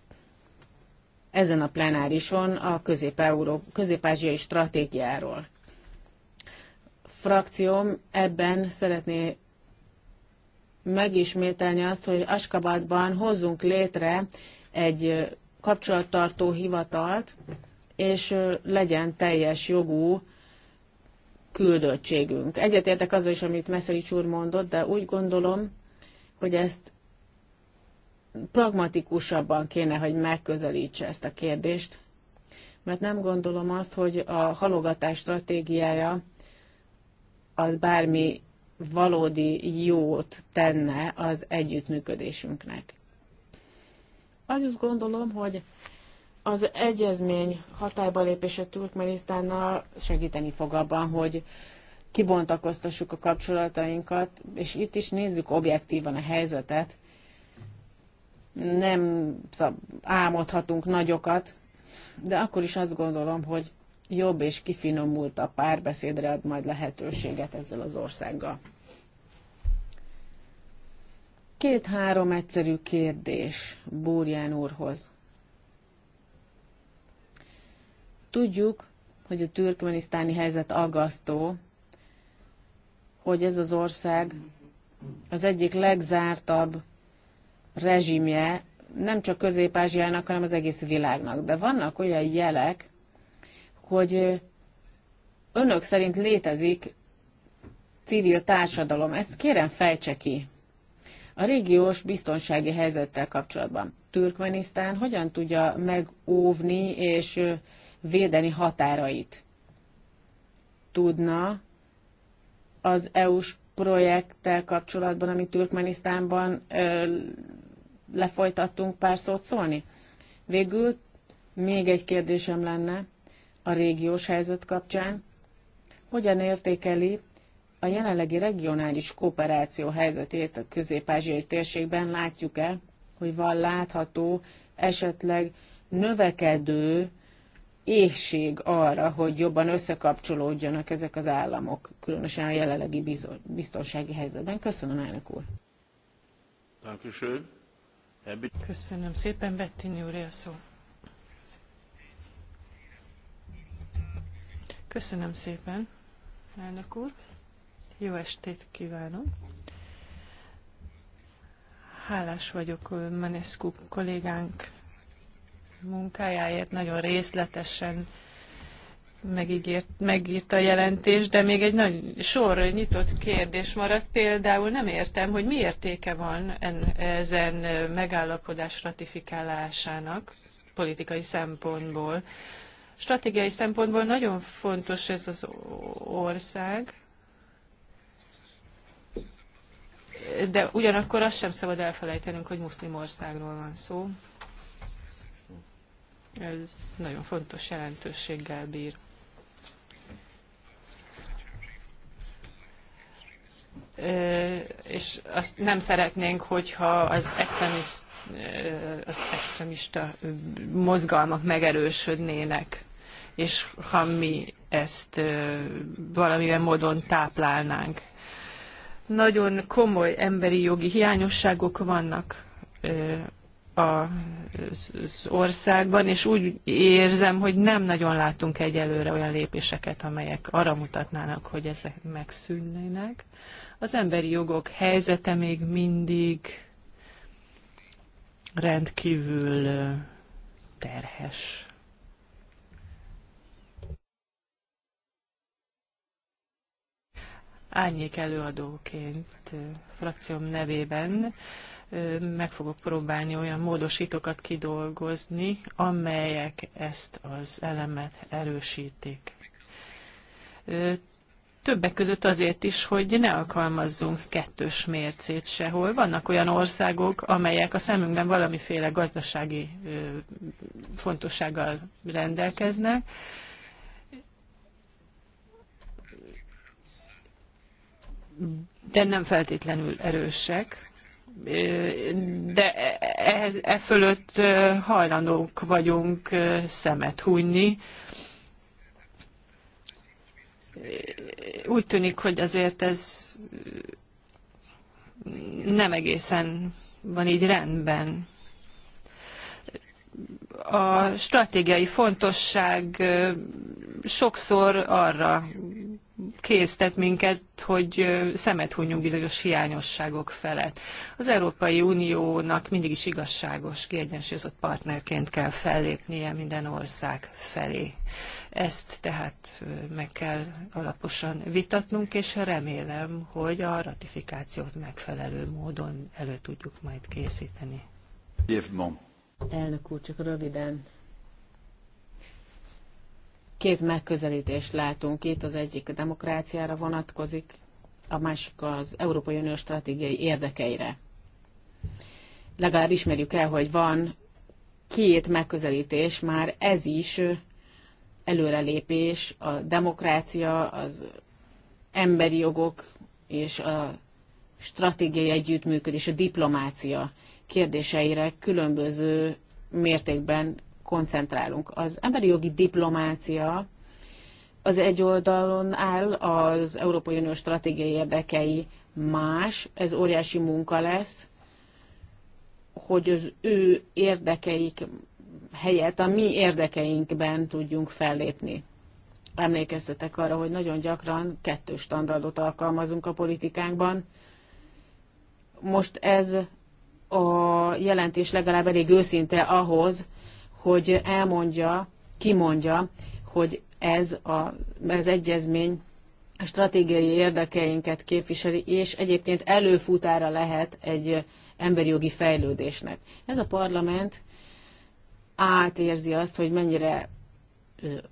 Speaker 2: ezen a plenárison a közép-ázsiai stratégiáról frakcióm ebben szeretné megismételni azt, hogy Askabadban hozzunk létre egy kapcsolattartó hivatalt, és legyen teljes jogú küldöttségünk. Egyetértek azzal is, amit Meszerics úr mondott, de úgy gondolom, hogy ezt pragmatikusabban kéne, hogy megközelítse ezt a kérdést, mert nem gondolom azt, hogy a halogatás stratégiája az bármi valódi jót tenne az együttműködésünknek. Azt gondolom, hogy az egyezmény hatályba lépése Turkmenisztánnal segíteni fog abban, hogy kibontakoztassuk a kapcsolatainkat, és itt is nézzük objektívan a helyzetet. Nem álmodhatunk nagyokat, de akkor is azt gondolom, hogy jobb és kifinomult a párbeszédre ad majd lehetőséget ezzel az országgal. Két-három egyszerű kérdés Búrján úrhoz. Tudjuk, hogy a türkmenisztáni helyzet aggasztó, hogy ez az ország az egyik legzártabb rezsimje nem csak Közép-Ázsiának, hanem az egész világnak. De vannak olyan jelek, hogy önök szerint létezik civil társadalom. Ezt kérem fejtse ki. A régiós biztonsági helyzettel kapcsolatban. Türkmenisztán hogyan tudja megóvni és védeni határait? Tudna az EU-s projekttel kapcsolatban, amit Türkmenisztánban ö, lefolytattunk pár szót szólni? Végül még egy kérdésem lenne a régiós helyzet kapcsán, hogyan értékeli a jelenlegi regionális kooperáció helyzetét a közép-ázsiai térségben, látjuk-e, hogy van látható, esetleg növekedő éhség arra, hogy jobban összekapcsolódjanak ezek az államok, különösen a jelenlegi biztonsági helyzetben. Köszönöm, elnök úr!
Speaker 3: Köszönöm szépen, Bettini úr, a szó. Köszönöm szépen, elnök úr. Jó estét kívánok. Hálás vagyok Manescu kollégánk munkájáért, nagyon részletesen megígért, megírt a jelentés, de még egy nagy sor nyitott kérdés maradt. Például nem értem, hogy mi értéke van en, ezen megállapodás ratifikálásának politikai szempontból. Stratégiai szempontból nagyon fontos ez az ország, de ugyanakkor azt sem szabad elfelejtenünk, hogy muszlim országról van szó. Ez nagyon fontos jelentőséggel bír. és azt nem szeretnénk, hogyha az, extremist, az extremista mozgalmak megerősödnének és ha mi ezt valamilyen módon táplálnánk. Nagyon komoly emberi jogi hiányosságok vannak az országban, és úgy érzem, hogy nem nagyon látunk egyelőre olyan lépéseket, amelyek arra mutatnának, hogy ezek megszűnnének. Az emberi jogok helyzete még mindig rendkívül terhes. árnyék előadóként frakcióm nevében meg fogok próbálni olyan módosítókat kidolgozni, amelyek ezt az elemet erősítik. Többek között azért is, hogy ne alkalmazzunk kettős mércét sehol. Vannak olyan országok, amelyek a szemünkben valamiféle gazdasági fontossággal rendelkeznek, de nem feltétlenül erősek. De ehhez, e fölött hajlandók vagyunk szemet hunyni. Úgy tűnik, hogy azért ez nem egészen van így rendben a stratégiai fontosság sokszor arra késztet minket, hogy szemet hunyunk bizonyos hiányosságok felett. Az Európai Uniónak mindig is igazságos, kiegyensúlyozott partnerként kell fellépnie minden ország felé. Ezt tehát meg kell alaposan vitatnunk, és remélem, hogy a ratifikációt megfelelő módon
Speaker 2: elő tudjuk majd készíteni. Elnök úr, csak röviden Két megközelítést látunk itt, az egyik a demokráciára vonatkozik, a másik az Európai Unió stratégiai érdekeire. Legalább ismerjük el, hogy van két megközelítés, már ez is előrelépés, a demokrácia, az emberi jogok és a stratégiai együttműködés, a diplomácia kérdéseire különböző mértékben koncentrálunk. Az emberi jogi diplomácia az egy oldalon áll az Európai Unió stratégiai érdekei más, ez óriási munka lesz, hogy az ő érdekeik helyett a mi érdekeinkben tudjunk fellépni. Emlékeztetek arra, hogy nagyon gyakran kettős standardot alkalmazunk a politikánkban. Most ez a jelentés legalább elég őszinte ahhoz, hogy elmondja, kimondja, hogy ez a, az egyezmény a stratégiai érdekeinket képviseli, és egyébként előfutára lehet egy emberi jogi fejlődésnek. Ez a parlament átérzi azt, hogy mennyire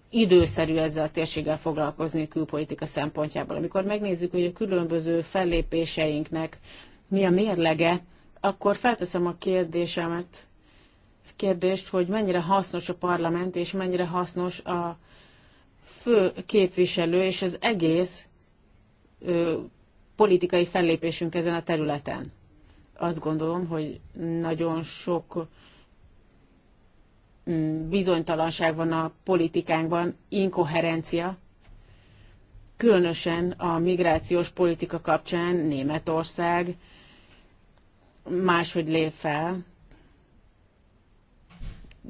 Speaker 2: időszerű ezzel a térséggel foglalkozni a külpolitika szempontjából. Amikor megnézzük, hogy a különböző fellépéseinknek mi a mérlege, akkor felteszem a kérdésemet kérdést, hogy mennyire hasznos a parlament, és mennyire hasznos a fő képviselő, és az egész ö, politikai fellépésünk ezen a területen. Azt gondolom, hogy nagyon sok mm, bizonytalanság van a politikánkban, inkoherencia, különösen a migrációs politika kapcsán Németország máshogy lép fel,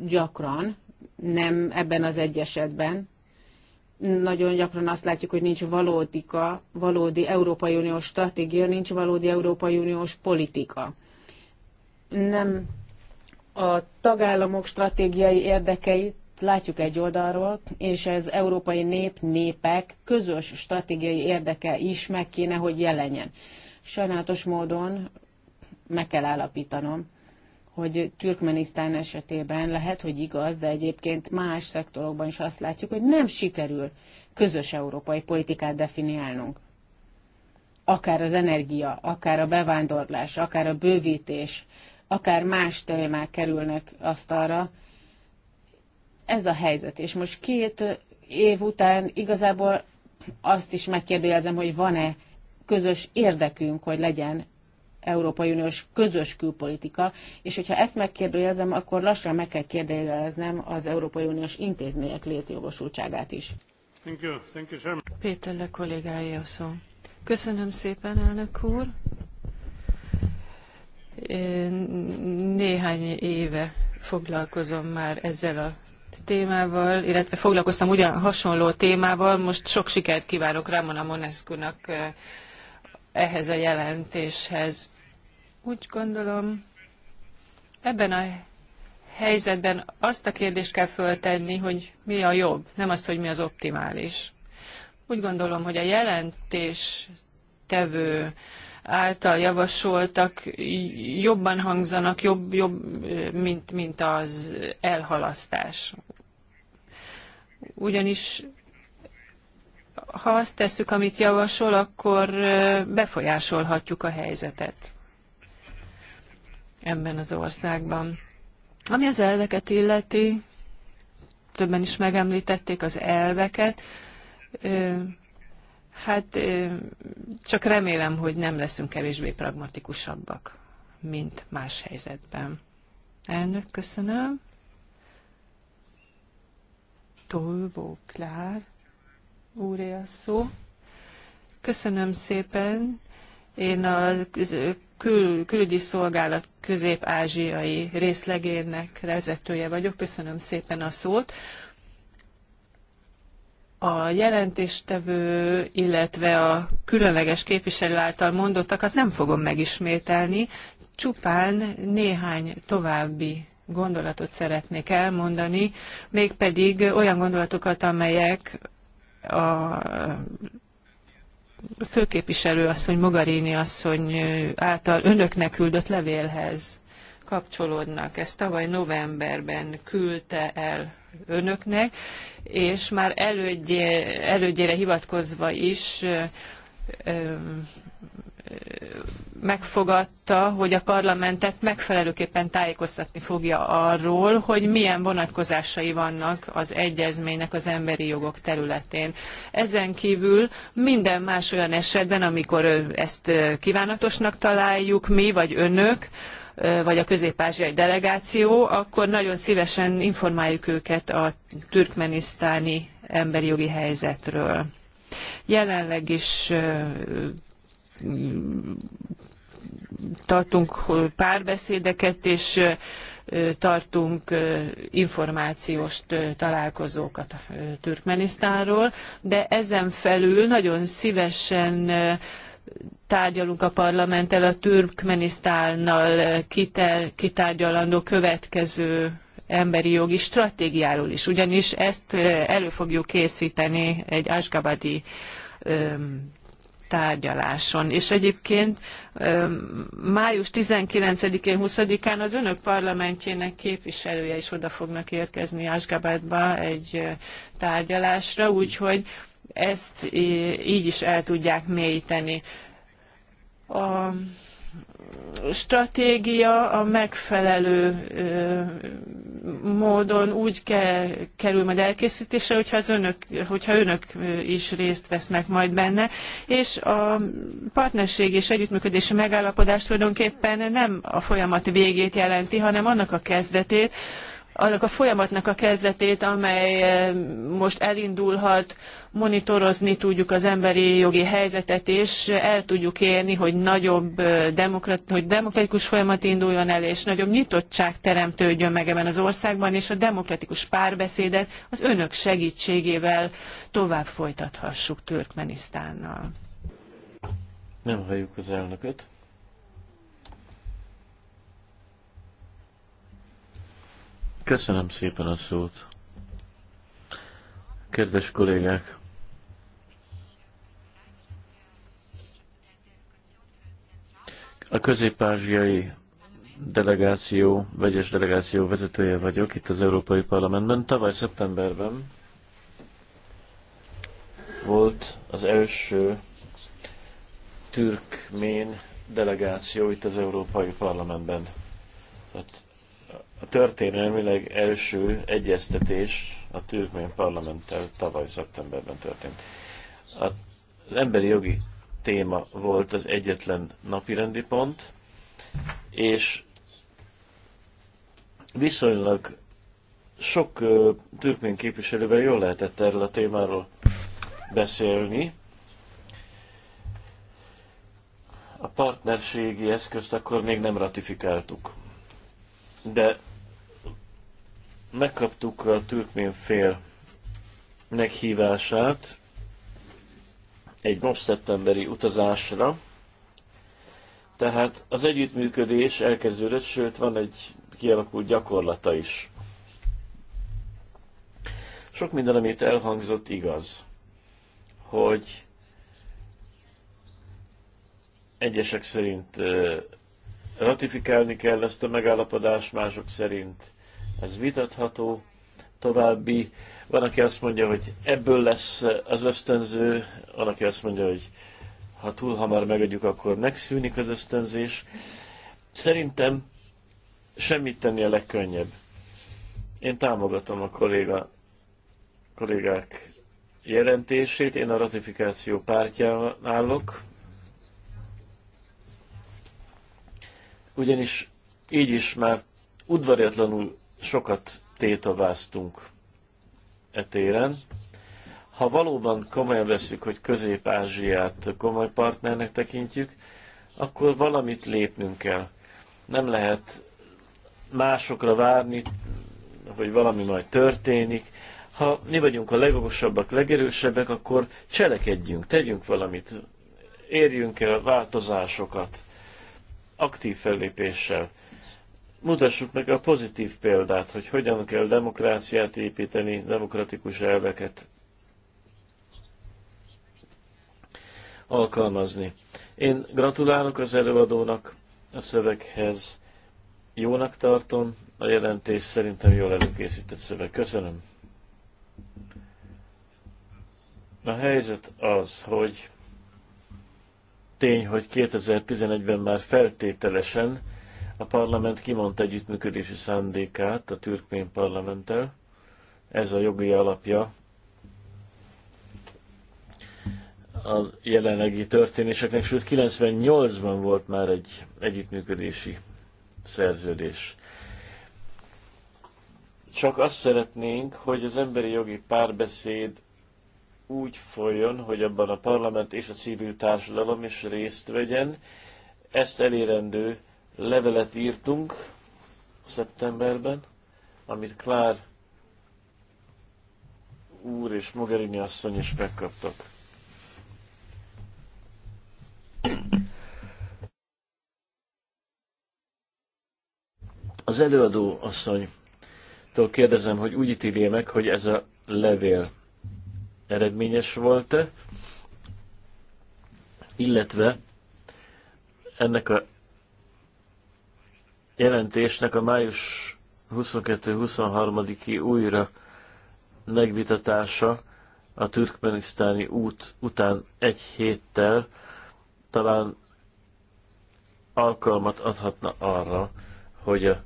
Speaker 2: gyakran, nem ebben az egy esetben, nagyon gyakran azt látjuk, hogy nincs valódika, valódi Európai Uniós stratégia, nincs valódi Európai Uniós politika. Nem a tagállamok stratégiai érdekeit látjuk egy oldalról, és az európai nép, népek közös stratégiai érdeke is meg kéne, hogy jelenjen. Sajnálatos módon meg kell állapítanom, hogy Türkmenisztán esetében lehet, hogy igaz, de egyébként más szektorokban is azt látjuk, hogy nem sikerül közös európai politikát definiálnunk. Akár az energia, akár a bevándorlás, akár a bővítés, akár más témák kerülnek arra. Ez a helyzet. És most két év után igazából azt is megkérdőjelezem, hogy van-e közös érdekünk, hogy legyen Európai Uniós közös külpolitika, és hogyha ezt megkérdőjelezem, akkor lassan meg kell kérdőjeleznem az Európai Uniós intézmények létjogosultságát is.
Speaker 1: Thank you. Thank you,
Speaker 2: Péter
Speaker 3: le kollégája szó. Köszönöm szépen, elnök úr. Néhány éve foglalkozom már ezzel a témával, illetve foglalkoztam ugyan hasonló témával. Most sok sikert kívánok Ramona Monescu-nak eh, ehhez a jelentéshez. Úgy gondolom, ebben a helyzetben azt a kérdést kell föltenni, hogy mi a jobb, nem azt, hogy mi az optimális. Úgy gondolom, hogy a jelentés tevő által javasoltak jobban hangzanak, jobb, jobb mint, mint az elhalasztás. Ugyanis ha azt tesszük, amit javasol, akkor befolyásolhatjuk a helyzetet ebben az országban. Ami az elveket illeti, többen is megemlítették az elveket, hát csak remélem, hogy nem leszünk kevésbé pragmatikusabbak, mint más helyzetben. Elnök, köszönöm. Tolvó Klár, úré a szó. Köszönöm szépen. Én a kül, külügyi szolgálat közép-ázsiai részlegének vezetője vagyok. Köszönöm szépen a szót. A jelentéstevő, illetve a különleges képviselő által mondottakat nem fogom megismételni, csupán néhány további gondolatot szeretnék elmondani, mégpedig olyan gondolatokat, amelyek a főképviselő asszony, Mogarini asszony által önöknek küldött levélhez kapcsolódnak. Ezt tavaly novemberben küldte el önöknek, és már elődjére hivatkozva is megfogadta, hogy a parlamentet megfelelőképpen tájékoztatni fogja arról, hogy milyen vonatkozásai vannak az egyezménynek az emberi jogok területén. Ezen kívül minden más olyan esetben, amikor ezt kívánatosnak találjuk mi vagy önök, vagy a közép-ázsiai delegáció, akkor nagyon szívesen informáljuk őket a türkmenisztáni emberi jogi helyzetről. Jelenleg is tartunk párbeszédeket, és tartunk információs találkozókat Türkmenisztánról, de ezen felül nagyon szívesen tárgyalunk a parlamenttel a Türkmenisztánnal kitárgyalandó következő emberi jogi stratégiáról is, ugyanis ezt elő fogjuk készíteni egy Ásgabadi tárgyaláson. És egyébként május 19-én, 20-án az önök parlamentjének képviselője is oda fognak érkezni Ásgabádba egy tárgyalásra, úgyhogy ezt így is el tudják mélyíteni. A stratégia a megfelelő módon úgy kell, kerül majd elkészítésre, hogyha, az önök, hogyha önök is részt vesznek majd benne, és a partnerség és együttműködési megállapodás tulajdonképpen nem a folyamat végét jelenti, hanem annak a kezdetét, annak a folyamatnak a kezdetét, amely eh, most elindulhat, monitorozni tudjuk az emberi jogi helyzetet, és el tudjuk érni, hogy nagyobb eh, demokrat, hogy demokratikus folyamat induljon el, és nagyobb nyitottság teremtődjön meg ebben az országban, és a demokratikus párbeszédet az önök segítségével tovább folytathassuk Türkmenisztánnal.
Speaker 1: Nem halljuk az elnököt. Köszönöm szépen a szót. Kedves kollégák! A közép delegáció, vegyes delegáció vezetője vagyok itt az Európai Parlamentben. Tavaly szeptemberben volt az első türkmén delegáció itt az Európai Parlamentben. Tehát a történelmileg első egyeztetés a türkmén parlamenttel tavaly szeptemberben történt. A, az emberi jogi téma volt az egyetlen napirendi pont, és viszonylag sok ö, türkmén képviselővel jól lehetett erről a témáról beszélni. A partnerségi eszközt akkor még nem ratifikáltuk. De Megkaptuk a türkmén fél meghívását egy most szeptemberi utazásra, tehát az együttműködés elkezdődött, sőt van egy kialakult gyakorlata is. Sok minden, amit elhangzott, igaz, hogy egyesek szerint ratifikálni kell ezt a megállapodást, mások szerint ez vitatható. További, van, aki azt mondja, hogy ebből lesz az ösztönző, van, aki azt mondja, hogy ha túl hamar megadjuk, akkor megszűnik az ösztönzés. Szerintem semmit tenni a legkönnyebb. Én támogatom a kolléga, kollégák jelentését, én a ratifikáció pártján állok, ugyanis így is már udvariatlanul sokat tétováztunk e téren. Ha valóban komolyan veszük, hogy Közép-Ázsiát komoly partnernek tekintjük, akkor valamit lépnünk kell. Nem lehet másokra várni, hogy valami majd történik. Ha mi vagyunk a legokosabbak, legerősebbek, akkor cselekedjünk, tegyünk valamit, érjünk el változásokat aktív fellépéssel mutassuk meg a pozitív példát, hogy hogyan kell demokráciát építeni, demokratikus elveket alkalmazni. Én gratulálok az előadónak a szöveghez, jónak tartom, a jelentés szerintem jól előkészített szöveg. Köszönöm. A helyzet az, hogy tény, hogy 2011-ben már feltételesen a parlament kimondta együttműködési szándékát a türkmén parlamenttel. Ez a jogi alapja a jelenlegi történéseknek, sőt 98-ban volt már egy együttműködési szerződés. Csak azt szeretnénk, hogy az emberi jogi párbeszéd úgy folyjon, hogy abban a parlament és a civil társadalom is részt vegyen. Ezt elérendő levelet írtunk szeptemberben, amit Klár úr és Mogherini asszony is megkaptak. Az előadó asszonytól kérdezem, hogy úgy ítélje meg, hogy ez a levél eredményes volt-e, illetve ennek a jelentésnek a május 22-23-i újra megvitatása a türkmenisztáni út után egy héttel talán alkalmat adhatna arra, hogy a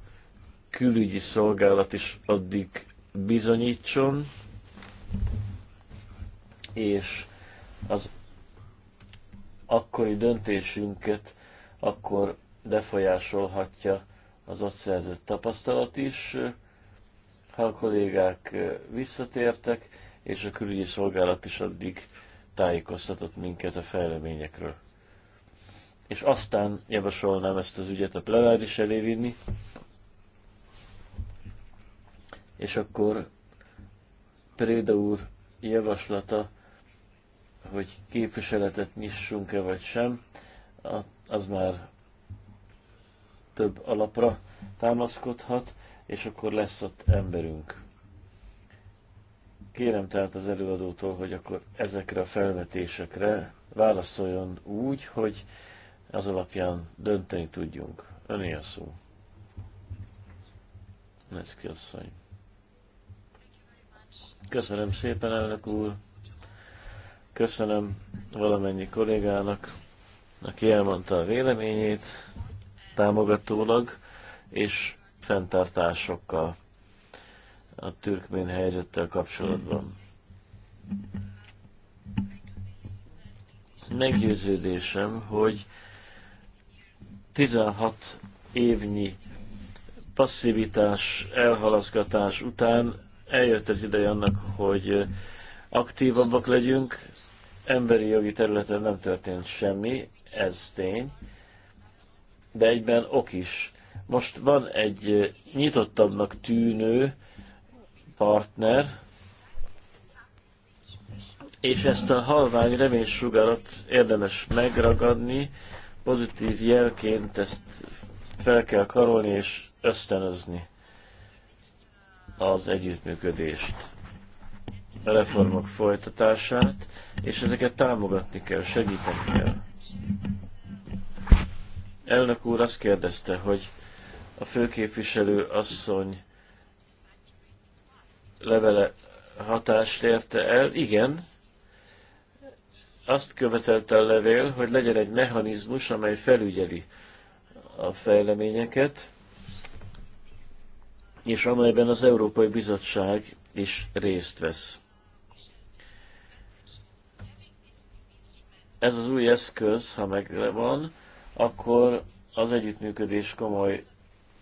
Speaker 1: külügyi szolgálat is addig bizonyítson, és az akkori döntésünket akkor befolyásolhatja az ott szerzett tapasztalat is. Ha a kollégák visszatértek, és a külügyi szolgálat is addig tájékoztatott minket a fejleményekről. És aztán javasolnám ezt az ügyet a plenáris elé vinni, és akkor Préda úr javaslata, hogy képviseletet nyissunk-e vagy sem, az már több alapra támaszkodhat, és akkor lesz ott emberünk. Kérem tehát az előadótól, hogy akkor ezekre a felvetésekre válaszoljon úgy, hogy az alapján dönteni tudjunk. Öné a szó. Neszki asszony. Köszönöm szépen, elnök úr. Köszönöm valamennyi kollégának, aki elmondta a véleményét támogatólag és fenntartásokkal a türkmén helyzettel kapcsolatban. Meggyőződésem, hogy 16 évnyi passzivitás, elhalaszgatás után eljött az ideje annak, hogy aktívabbak legyünk. Emberi jogi területen nem történt semmi, ez tény, de egyben ok is. Most van egy nyitottabbnak tűnő partner, és ezt a halvány reménysugarat érdemes megragadni, pozitív jelként ezt fel kell karolni és ösztönözni az együttműködést, a reformok folytatását, és ezeket támogatni kell, segíteni kell elnök úr azt kérdezte, hogy a főképviselő asszony levele hatást érte el. Igen, azt követelte a levél, hogy legyen egy mechanizmus, amely felügyeli a fejleményeket, és amelyben az Európai Bizottság is részt vesz. Ez az új eszköz, ha megvan, akkor az együttműködés komoly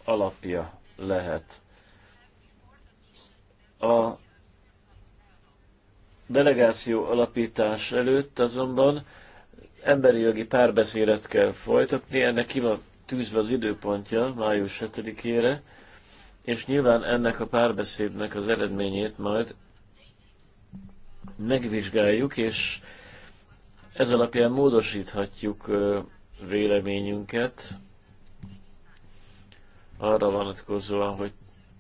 Speaker 1: alapja lehet. A delegáció alapítás előtt azonban emberi jogi párbeszédet kell folytatni, ennek ki van tűzve az időpontja, május 7-ére, és nyilván ennek a párbeszédnek az eredményét majd megvizsgáljuk, és ez alapján módosíthatjuk véleményünket arra vonatkozóan, hogy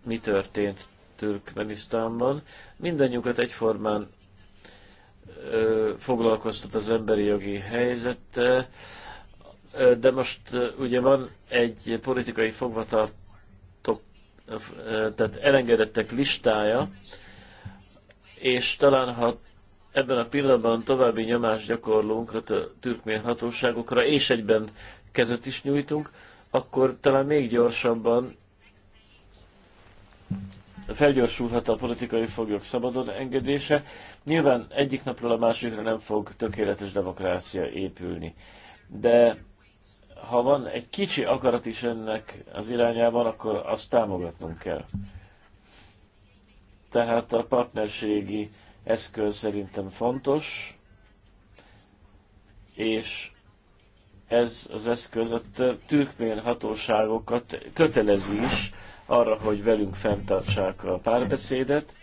Speaker 1: mi történt Türkmenisztánban. Mindannyiukat egyformán ö, foglalkoztat az emberi jogi helyzettel, de most ugye van egy politikai fogvatartó, tehát elengedettek listája, és talán ha ebben a pillanatban további nyomást gyakorlunk a türkmén hatóságokra, és egyben kezet is nyújtunk, akkor talán még gyorsabban felgyorsulhat a politikai foglyok szabadon engedése. Nyilván egyik napról a másikra nem fog tökéletes demokrácia épülni. De ha van egy kicsi akarat is ennek az irányában, akkor azt támogatnunk kell. Tehát a partnerségi eszköz szerintem fontos, és ez az eszköz a türkmén hatóságokat kötelezi is arra, hogy velünk fenntartsák a párbeszédet,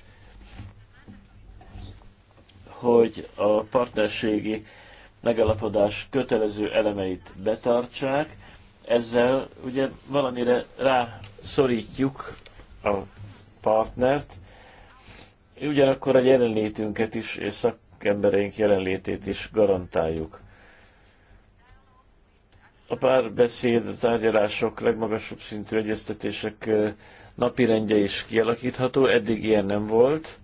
Speaker 1: hogy a partnerségi megalapodás kötelező elemeit betartsák, ezzel ugye valamire rászorítjuk a partnert, ugyanakkor a jelenlétünket is, és szakembereink jelenlétét is garantáljuk. A párbeszéd, a tárgyalások, legmagasabb szintű egyeztetések rendje is kialakítható, eddig ilyen nem volt,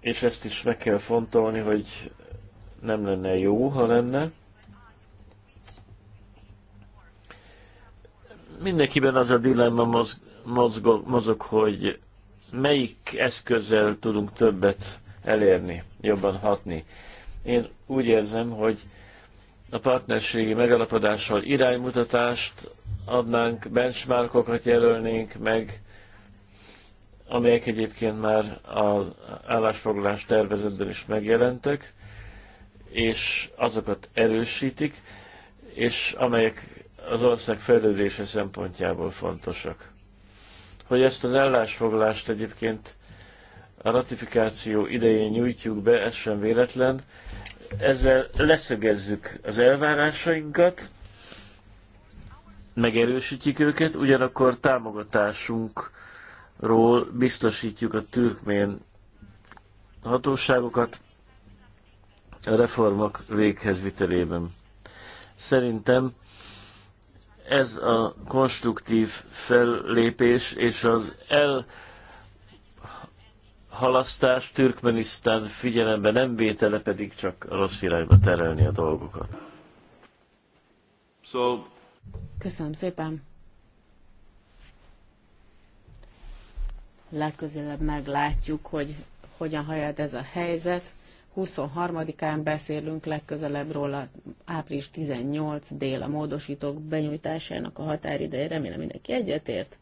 Speaker 1: és ezt is meg kell fontolni, hogy nem lenne jó, ha lenne. Mindenkiben az a dilemma mozg, mozog, hogy melyik eszközzel tudunk többet elérni, jobban hatni. Én úgy érzem, hogy a partnerségi megalapodással iránymutatást adnánk, benchmarkokat jelölnénk meg, amelyek egyébként már az állásfoglalás tervezetben is megjelentek, és azokat erősítik, és amelyek az ország fejlődése szempontjából fontosak hogy ezt az ellásfoglalást egyébként a ratifikáció idején nyújtjuk be, ez sem véletlen. Ezzel leszögezzük az elvárásainkat, megerősítjük őket, ugyanakkor támogatásunkról biztosítjuk a türkmén hatóságokat a reformok véghezvitelében. Szerintem ez a konstruktív fellépés és az elhalasztás Türkmenisztán figyelembe nem vétele pedig csak rossz irányba terelni a dolgokat. So.
Speaker 2: Köszönöm szépen. Legközelebb meglátjuk, hogy hogyan hajad ez a helyzet. 23-án beszélünk legközelebb róla, április 18 dél a módosítók benyújtásának a határideje, remélem mindenki egyetért.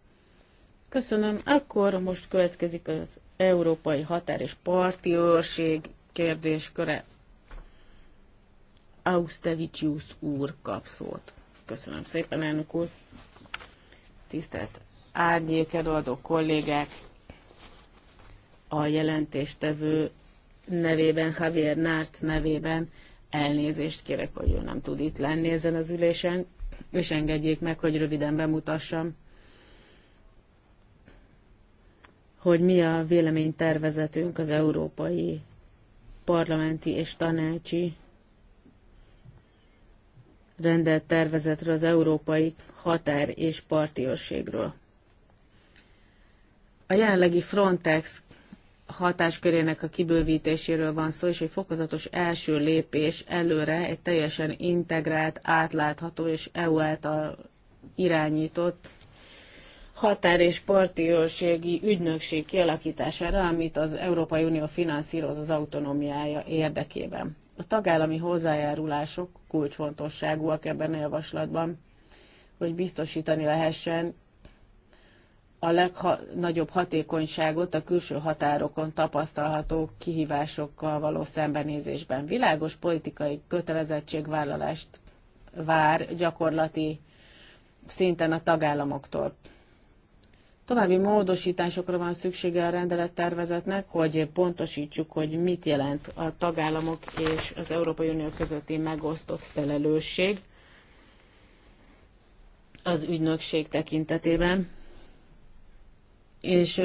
Speaker 2: Köszönöm, akkor most következik az Európai Határ és Parti Őrség kérdésköre. Austevicius úr kap szót. Köszönöm szépen, elnök úr. Tisztelt árnyék előadó kollégák, a jelentéstevő nevében, Javier Nárt nevében elnézést kérek, hogy ő nem tud itt lenni ezen az ülésen, és engedjék meg, hogy röviden bemutassam, hogy mi a véleménytervezetünk az európai parlamenti és tanácsi rendelt tervezetről az európai határ és partiosségről. A jelenlegi Frontex hatáskörének a kibővítéséről van szó, és egy fokozatos első lépés előre egy teljesen integrált, átlátható és EU által irányított határ- és partiőrségi ügynökség kialakítására, amit az Európai Unió finanszíroz az autonómiája érdekében. A tagállami hozzájárulások kulcsfontosságúak ebben a javaslatban, hogy biztosítani lehessen a legnagyobb hatékonyságot a külső határokon tapasztalható kihívásokkal való szembenézésben. Világos politikai kötelezettségvállalást vár gyakorlati szinten a tagállamoktól. További módosításokra van szüksége a rendelettervezetnek, hogy pontosítsuk, hogy mit jelent a tagállamok és az Európai Unió közötti megosztott felelősség az ügynökség tekintetében és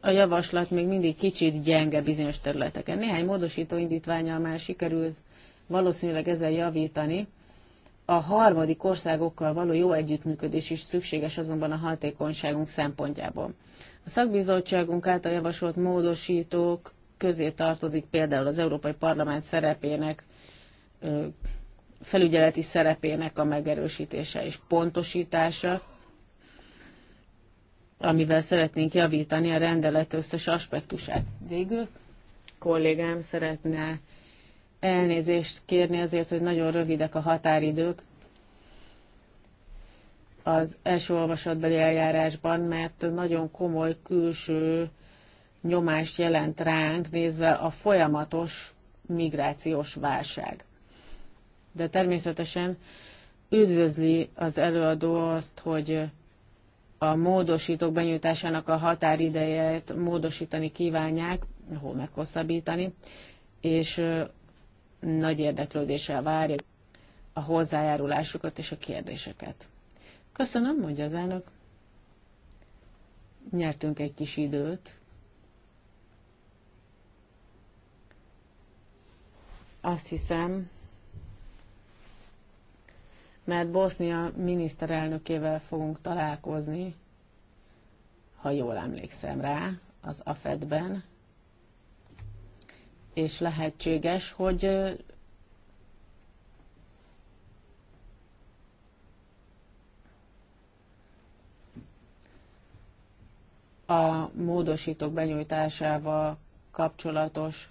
Speaker 2: a javaslat még mindig kicsit gyenge bizonyos területeken. Néhány módosító indítványal már sikerült valószínűleg ezzel javítani. A harmadik országokkal való jó együttműködés is szükséges azonban a hatékonyságunk szempontjából. A szakbizottságunk által javasolt módosítók közé tartozik például az Európai Parlament szerepének, felügyeleti szerepének a megerősítése és pontosítása, amivel szeretnénk javítani a rendelet összes aspektusát. Végül kollégám szeretne elnézést kérni azért, hogy nagyon rövidek a határidők az első olvasatbeli eljárásban, mert nagyon komoly külső nyomást jelent ránk nézve a folyamatos migrációs válság. De természetesen üdvözli az előadó azt, hogy a módosítók benyújtásának a határidejét módosítani kívánják, hol meghosszabbítani, és nagy érdeklődéssel várjuk a hozzájárulásukat és a kérdéseket. Köszönöm, mondja az elnök. Nyertünk egy kis időt. Azt hiszem, mert Bosznia miniszterelnökével fogunk találkozni, ha jól emlékszem rá, az AFED-ben, és lehetséges, hogy a módosítók benyújtásával kapcsolatos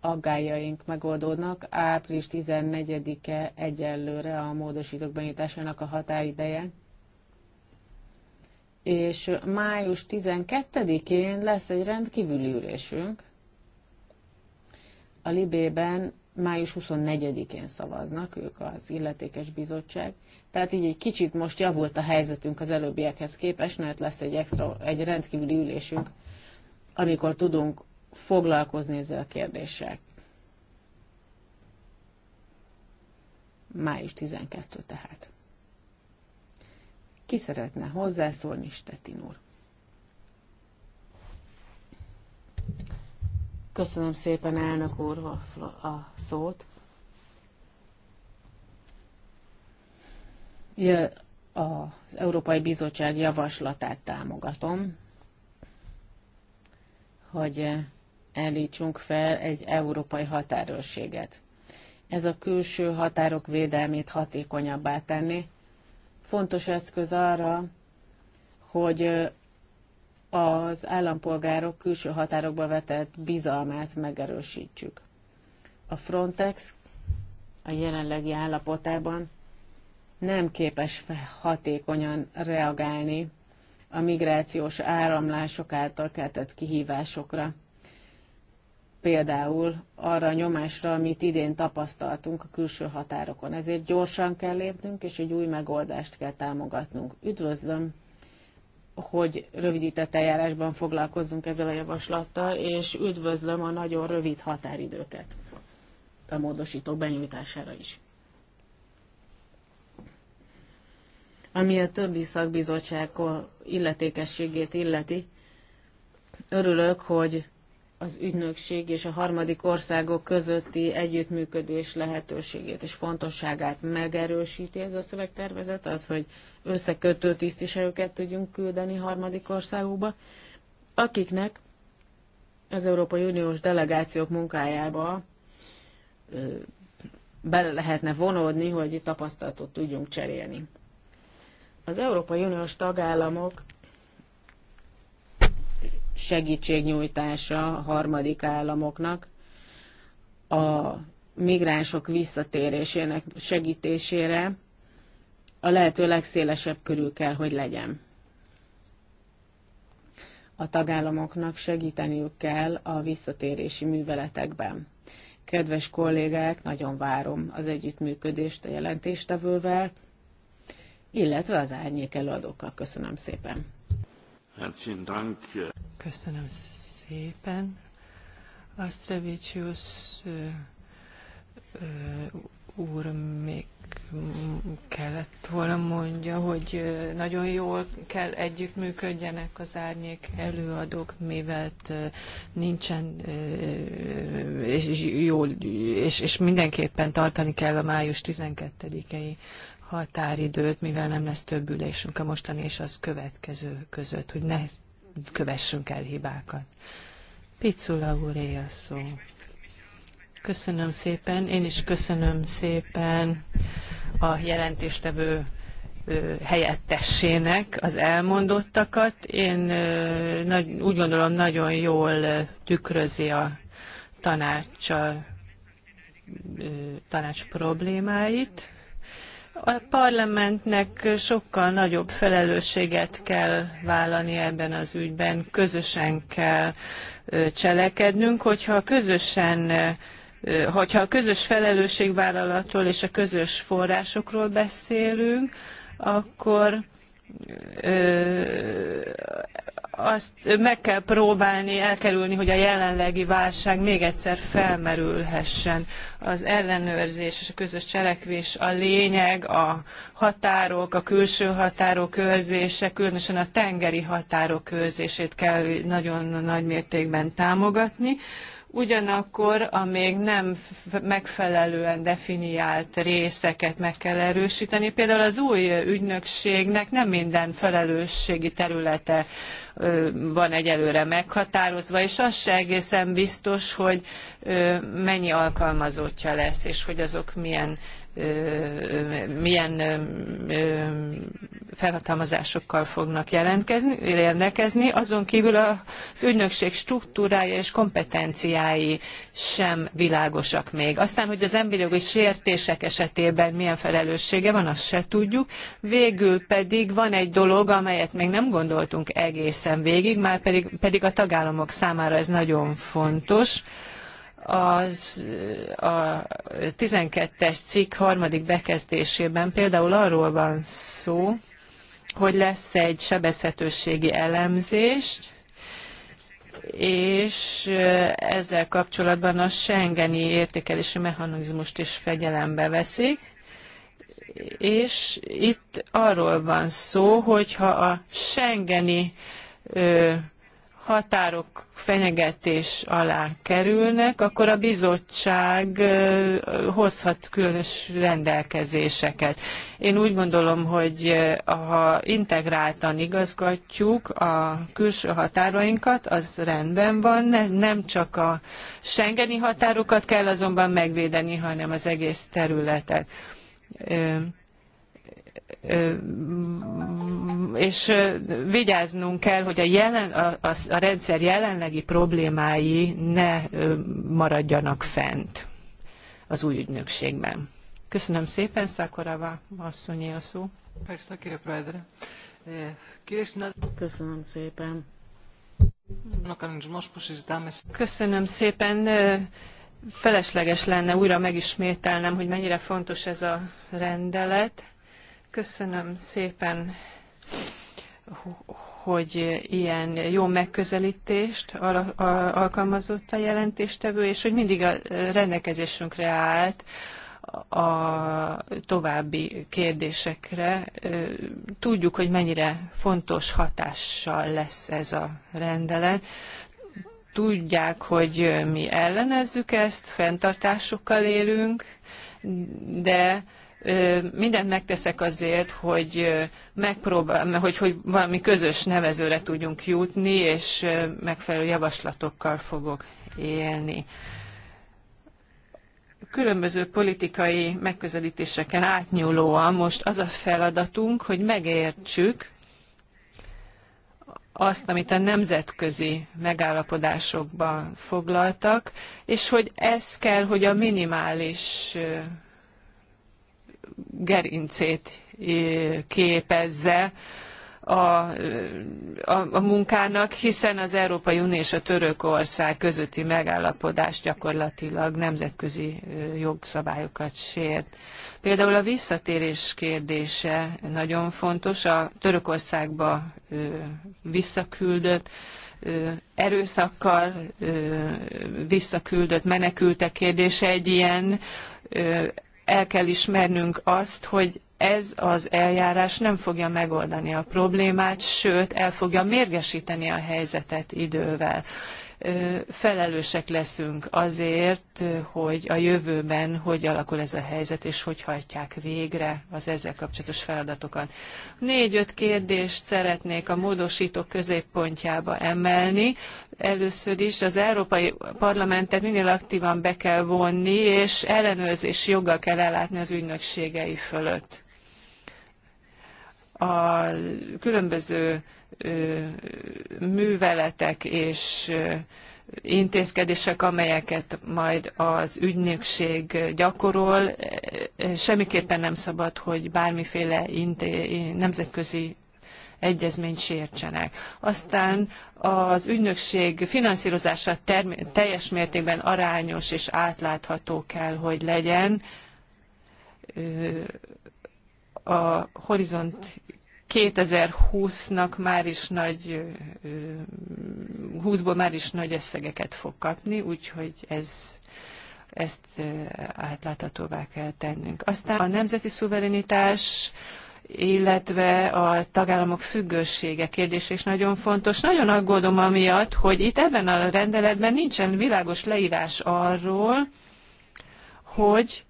Speaker 2: aggájaink megoldódnak. Április 14-e egyelőre a módosítók benyújtásának a határideje. És május 12-én lesz egy rendkívüli ülésünk. A Libében május 24-én szavaznak, ők az illetékes bizottság. Tehát így egy kicsit most javult a helyzetünk az előbbiekhez képest, mert lesz egy, extra, egy rendkívüli ülésünk, amikor tudunk foglalkozni ezzel a kérdéssel. Május 12 tehát. Ki szeretne hozzászólni, Stetin úr? Köszönöm szépen, elnök úr, a szót. Az Európai Bizottság javaslatát támogatom, hogy állítsunk fel egy európai határőrséget. Ez a külső határok védelmét hatékonyabbá tenni. Fontos eszköz arra, hogy az állampolgárok külső határokba vetett bizalmát megerősítsük. A Frontex a jelenlegi állapotában nem képes hatékonyan reagálni a migrációs áramlások által keltett kihívásokra például arra a nyomásra, amit idén tapasztaltunk a külső határokon. Ezért gyorsan kell lépnünk, és egy új megoldást kell támogatnunk. Üdvözlöm, hogy rövidített eljárásban foglalkozzunk ezzel a javaslattal, és üdvözlöm a nagyon rövid határidőket a módosítók benyújtására is. Ami a többi szakbizottság illetékességét illeti, örülök, hogy az ügynökség és a harmadik országok közötti együttműködés lehetőségét és fontosságát megerősíti ez a szövegtervezet, az, hogy összekötő tisztviselőket tudjunk küldeni harmadik országokba, akiknek az Európai Uniós delegációk munkájába bele lehetne vonódni, hogy tapasztalatot tudjunk cserélni. Az Európai Uniós tagállamok segítségnyújtása a harmadik államoknak, a migránsok visszatérésének segítésére a lehető legszélesebb körül kell, hogy legyen. A tagállamoknak segíteniük kell a visszatérési műveletekben. Kedves kollégák, nagyon várom az együttműködést a jelentéstevővel, illetve az árnyék előadókkal. Köszönöm szépen! Köszönöm
Speaker 3: szépen. Astrevicius úr még kellett volna mondja, hogy nagyon jól kell együttműködjenek az árnyék előadók, mivel nincsen és, jól, és, és mindenképpen tartani kell a május 12-i határidőt, mivel nem lesz több ülésünk a mostani és az következő között, hogy ne kövessünk el hibákat. Picula úré a szó. Köszönöm szépen, én is köszönöm szépen a jelentéstevő helyettesének az elmondottakat. Én úgy gondolom nagyon jól tükrözi a tanács, tanács problémáit a parlamentnek sokkal nagyobb felelősséget kell vállalni ebben az ügyben, közösen kell cselekednünk, hogyha közösen hogyha a közös felelősségvállalatról és a közös forrásokról beszélünk, akkor azt meg kell próbálni elkerülni, hogy a jelenlegi válság még egyszer felmerülhessen. Az ellenőrzés és a közös cselekvés a lényeg, a határok, a külső határok őrzése, különösen a tengeri határok őrzését kell nagyon nagy mértékben támogatni ugyanakkor a még nem megfelelően definiált részeket meg kell erősíteni. Például az új ügynökségnek nem minden felelősségi területe van egyelőre meghatározva, és az se egészen biztos, hogy mennyi alkalmazottja lesz, és hogy azok milyen milyen felhatalmazásokkal fognak jelentkezni, azon kívül az ügynökség struktúrája és kompetenciái sem világosak még. Aztán, hogy az emberi jogi sértések esetében milyen felelőssége van, azt se tudjuk. Végül pedig van egy dolog, amelyet még nem gondoltunk egészen végig, már pedig, pedig a tagállamok számára ez nagyon fontos, az a 12-es cikk harmadik bekezdésében például arról van szó, hogy lesz egy sebezhetőségi elemzés, és eh, ezzel kapcsolatban a Schengeni értékelési mechanizmust is fegyelembe veszik, és itt arról van szó, hogyha a Schengeni eh, határok fenyegetés alá kerülnek, akkor a bizottság hozhat különös rendelkezéseket. Én úgy gondolom, hogy ha integráltan igazgatjuk a külső határainkat, az rendben van, nem csak a Schengeni határokat kell azonban megvédeni, hanem az egész területet és vigyáznunk kell, hogy a, jelen, a, a, rendszer jelenlegi problémái ne maradjanak fent az új ügynökségben. Köszönöm szépen, Szakorava asszonyé a szó. Köszönöm szépen. Köszönöm szépen. Felesleges lenne újra megismételnem, hogy mennyire fontos ez a rendelet Köszönöm szépen, hogy ilyen jó megközelítést alkalmazott a jelentéstevő, és hogy mindig a rendelkezésünkre állt a további kérdésekre. Tudjuk, hogy mennyire fontos hatással lesz ez a rendelet. Tudják, hogy mi ellenezzük ezt, fenntartásokkal élünk, de mindent megteszek azért, hogy megpróbál, hogy, hogy valami közös nevezőre tudjunk jutni, és megfelelő javaslatokkal fogok élni. Különböző politikai megközelítéseken átnyúlóan most az a feladatunk, hogy megértsük azt, amit a nemzetközi megállapodásokban foglaltak, és hogy ez kell, hogy a minimális gerincét képezze a, a, a munkának, hiszen az Európai Unió és a Törökország közötti megállapodás gyakorlatilag nemzetközi jogszabályokat sért. Például a visszatérés kérdése nagyon fontos. A Törökországba visszaküldött erőszakkal visszaküldött menekültek kérdése egy ilyen el kell ismernünk azt, hogy ez az eljárás nem fogja megoldani a problémát, sőt, el fogja mérgesíteni a helyzetet idővel felelősek leszünk azért, hogy a jövőben hogy alakul ez a helyzet, és hogy hajtják végre az ezzel kapcsolatos feladatokat. Négy-öt kérdést szeretnék a módosítók középpontjába emelni. Először is az Európai Parlamentet minél aktívan be kell vonni, és ellenőrzés joggal kell ellátni az ügynökségei fölött. A különböző műveletek és intézkedések, amelyeket majd az ügynökség gyakorol. Semmiképpen nem szabad, hogy bármiféle nemzetközi egyezményt sértsenek. Aztán az ügynökség finanszírozása teljes mértékben arányos és átlátható kell, hogy legyen. A Horizont 2020-nak már is nagy, 20-ból már is nagy összegeket fog kapni, úgyhogy ez, ezt átláthatóvá kell tennünk. Aztán a nemzeti szuverenitás, illetve a tagállamok függősége kérdése is nagyon fontos. Nagyon aggódom amiatt, hogy itt ebben a rendeletben nincsen világos leírás arról, hogy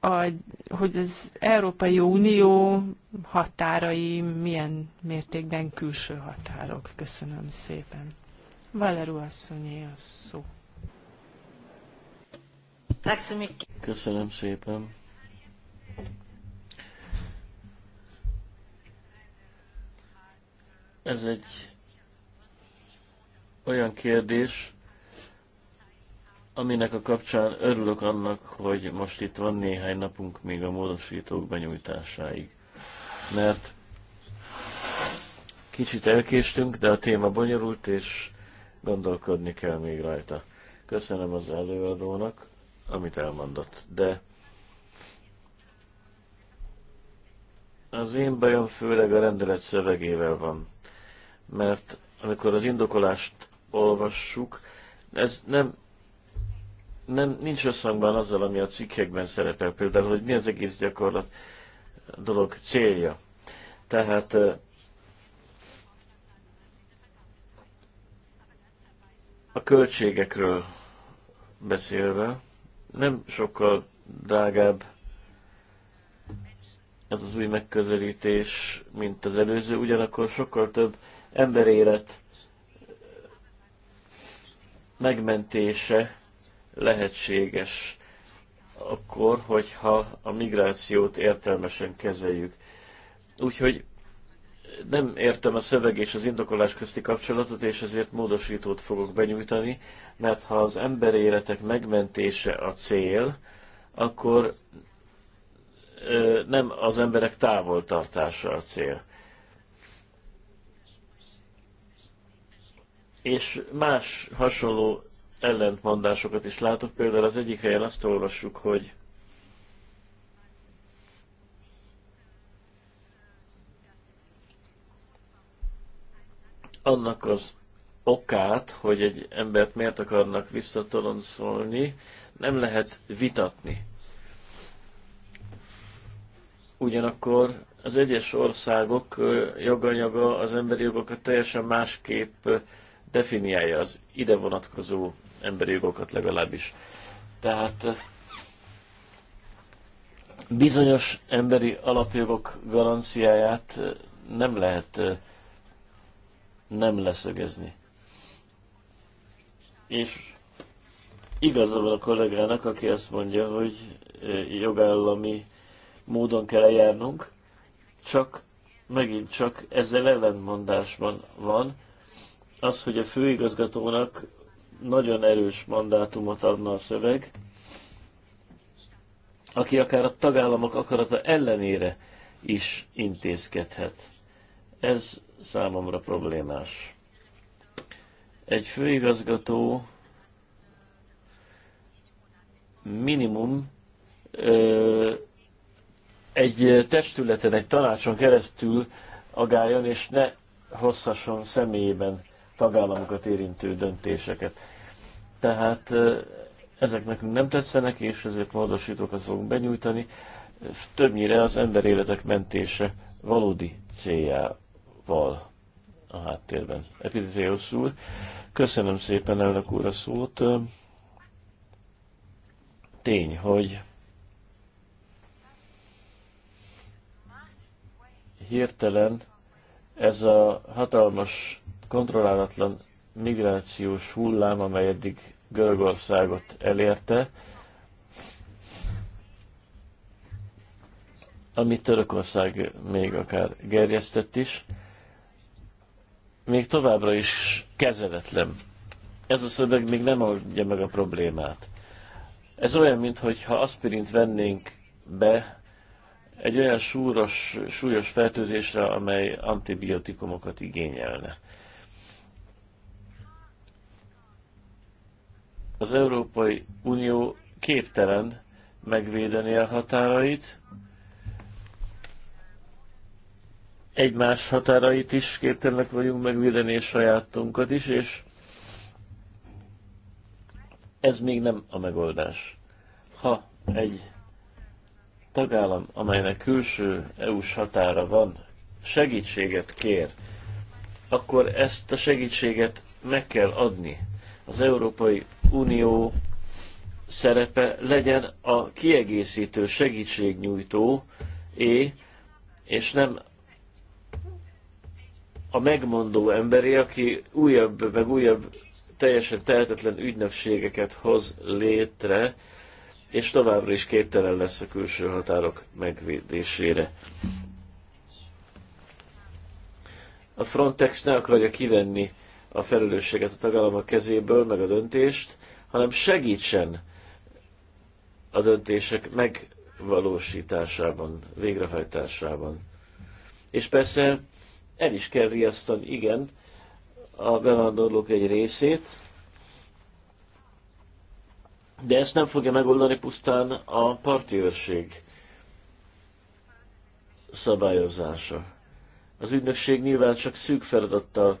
Speaker 3: a, hogy az Európai Unió határai milyen mértékben külső határok. Köszönöm szépen. Valeru asszonyé a szó.
Speaker 1: Köszönöm szépen. Ez egy olyan kérdés, aminek a kapcsán örülök annak, hogy most itt van néhány napunk még a módosítók benyújtásáig. Mert kicsit elkéstünk, de a téma bonyolult, és gondolkodni kell még rajta. Köszönöm az előadónak, amit elmondott, de az én bajom főleg a rendelet szövegével van, mert amikor az indokolást olvassuk, ez nem nem, nincs összhangban azzal, ami a cikkekben szerepel, például, hogy mi az egész gyakorlat dolog célja. Tehát a költségekről beszélve, nem sokkal drágább ez az új megközelítés, mint az előző, ugyanakkor sokkal több emberélet megmentése lehetséges akkor, hogyha a migrációt értelmesen kezeljük. Úgyhogy nem értem a szöveg és az indokolás közti kapcsolatot, és ezért módosítót fogok benyújtani, mert ha az ember életek megmentése a cél, akkor nem az emberek távoltartása a cél. És más hasonló ellentmondásokat is látok. Például az egyik helyen azt olvassuk, hogy annak az okát, hogy egy embert miért akarnak visszatoloncolni, nem lehet vitatni. Ugyanakkor az egyes országok joganyaga az emberi jogokat teljesen másképp definiálja az ide vonatkozó emberi jogokat legalábbis. Tehát eh, bizonyos emberi alapjogok garanciáját eh, nem lehet eh, nem leszögezni. És igaza van a kollégának, aki azt mondja, hogy jogállami módon kell eljárnunk, csak megint csak ezzel ellentmondásban van az, hogy a főigazgatónak nagyon erős mandátumot adna a szöveg, aki akár a tagállamok akarata ellenére is intézkedhet. Ez számomra problémás. Egy főigazgató minimum ö, egy testületen, egy tanácson keresztül agáljon, és ne hosszasan személyében tagállamokat érintő döntéseket. Tehát ezek nekünk nem tetszenek, és ezért módosítókat fogunk benyújtani. Többnyire az ember életek mentése valódi céljával a háttérben. Epidéziós úr, köszönöm szépen elnök úr a szót. Tény, hogy hirtelen ez a hatalmas kontrollálatlan migrációs hullám, amely eddig Görögországot elérte, amit Törökország még akár gerjesztett is, még továbbra is kezeletlen. Ez a szöveg még nem oldja meg a problémát. Ez olyan, mintha aspirint vennénk be egy olyan súros, súlyos fertőzésre, amely antibiotikumokat igényelne. az Európai Unió képtelen megvédeni a határait, egymás határait is képtelenek vagyunk megvédeni, és sajátunkat is, és ez még nem a megoldás. Ha egy tagállam, amelynek külső EU-s határa van, segítséget kér, akkor ezt a segítséget meg kell adni. Az Európai Unió szerepe legyen a kiegészítő, segítségnyújtó é, és nem a megmondó emberi, aki újabb, meg újabb teljesen tehetetlen ügynökségeket hoz létre, és továbbra is képtelen lesz a külső határok megvédésére. A Frontex ne akarja kivenni a felelősséget a tagállamok kezéből, meg a döntést, hanem segítsen a döntések megvalósításában, végrehajtásában. És persze el is kell riasztani, igen, a bevándorlók egy részét, de ezt nem fogja megoldani pusztán a parti őrség szabályozása. Az ügynökség nyilván csak szűk feladattal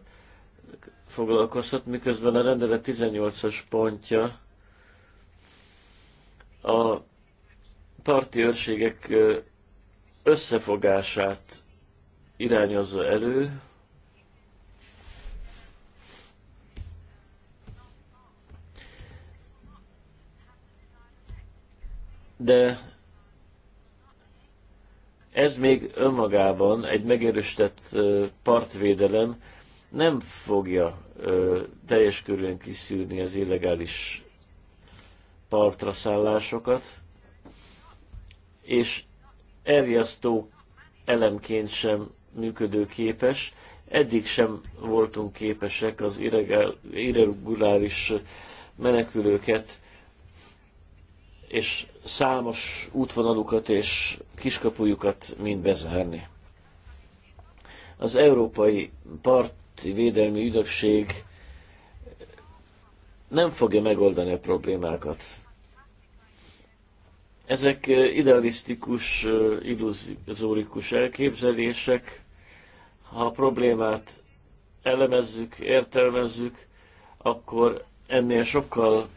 Speaker 1: foglalkoztat, miközben a rendelet 18-as pontja a parti őrségek összefogását irányozza elő, de ez még önmagában egy megerősített partvédelem nem fogja ö, teljes körülön kiszűrni az illegális partra szállásokat, és elriasztó elemként sem működőképes. Eddig sem voltunk képesek az irreguláris menekülőket és számos útvonalukat és kiskapujukat mind bezárni. Az európai part Nemzeti Védelmi Ügynökség nem fogja megoldani a problémákat. Ezek eh, idealisztikus, eh, illuzórikus elképzelések. Ha a problémát elemezzük, értelmezzük, akkor ennél sokkal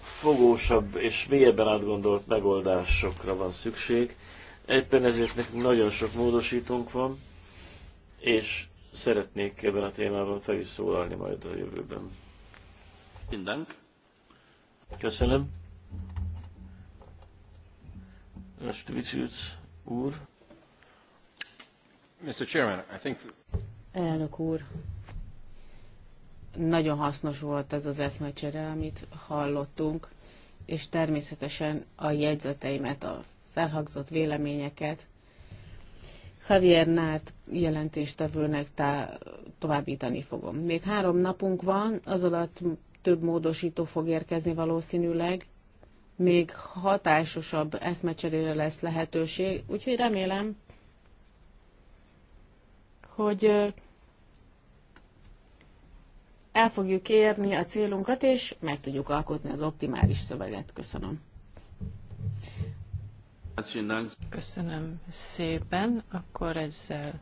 Speaker 1: fogósabb és mélyebben átgondolt megoldásokra van szükség. Éppen ezért nekünk nagyon sok módosítónk van, és szeretnék ebben a témában fel is szólalni majd a jövőben. Mindenk. Köszönöm. Rastvicius úr. Mr. Chairman, I think...
Speaker 2: Elnök úr, nagyon hasznos volt ez az eszmecsere, amit hallottunk, és természetesen a jegyzeteimet, a elhangzott véleményeket Javier Nárt jelentéstevőnek tá- továbbítani fogom. Még három napunk van, az alatt több módosító fog érkezni valószínűleg, még hatásosabb eszmecserére lesz lehetőség, úgyhogy remélem, hogy el fogjuk érni a célunkat, és meg tudjuk alkotni az optimális szöveget. Köszönöm.
Speaker 3: Köszönöm szépen. Akkor ezzel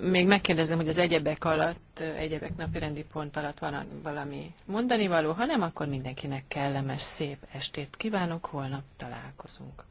Speaker 3: még megkérdezem, hogy az egyebek alatt, egyebek napirendi pont alatt van valami mondani való, ha nem, akkor mindenkinek kellemes, szép estét kívánok, holnap találkozunk.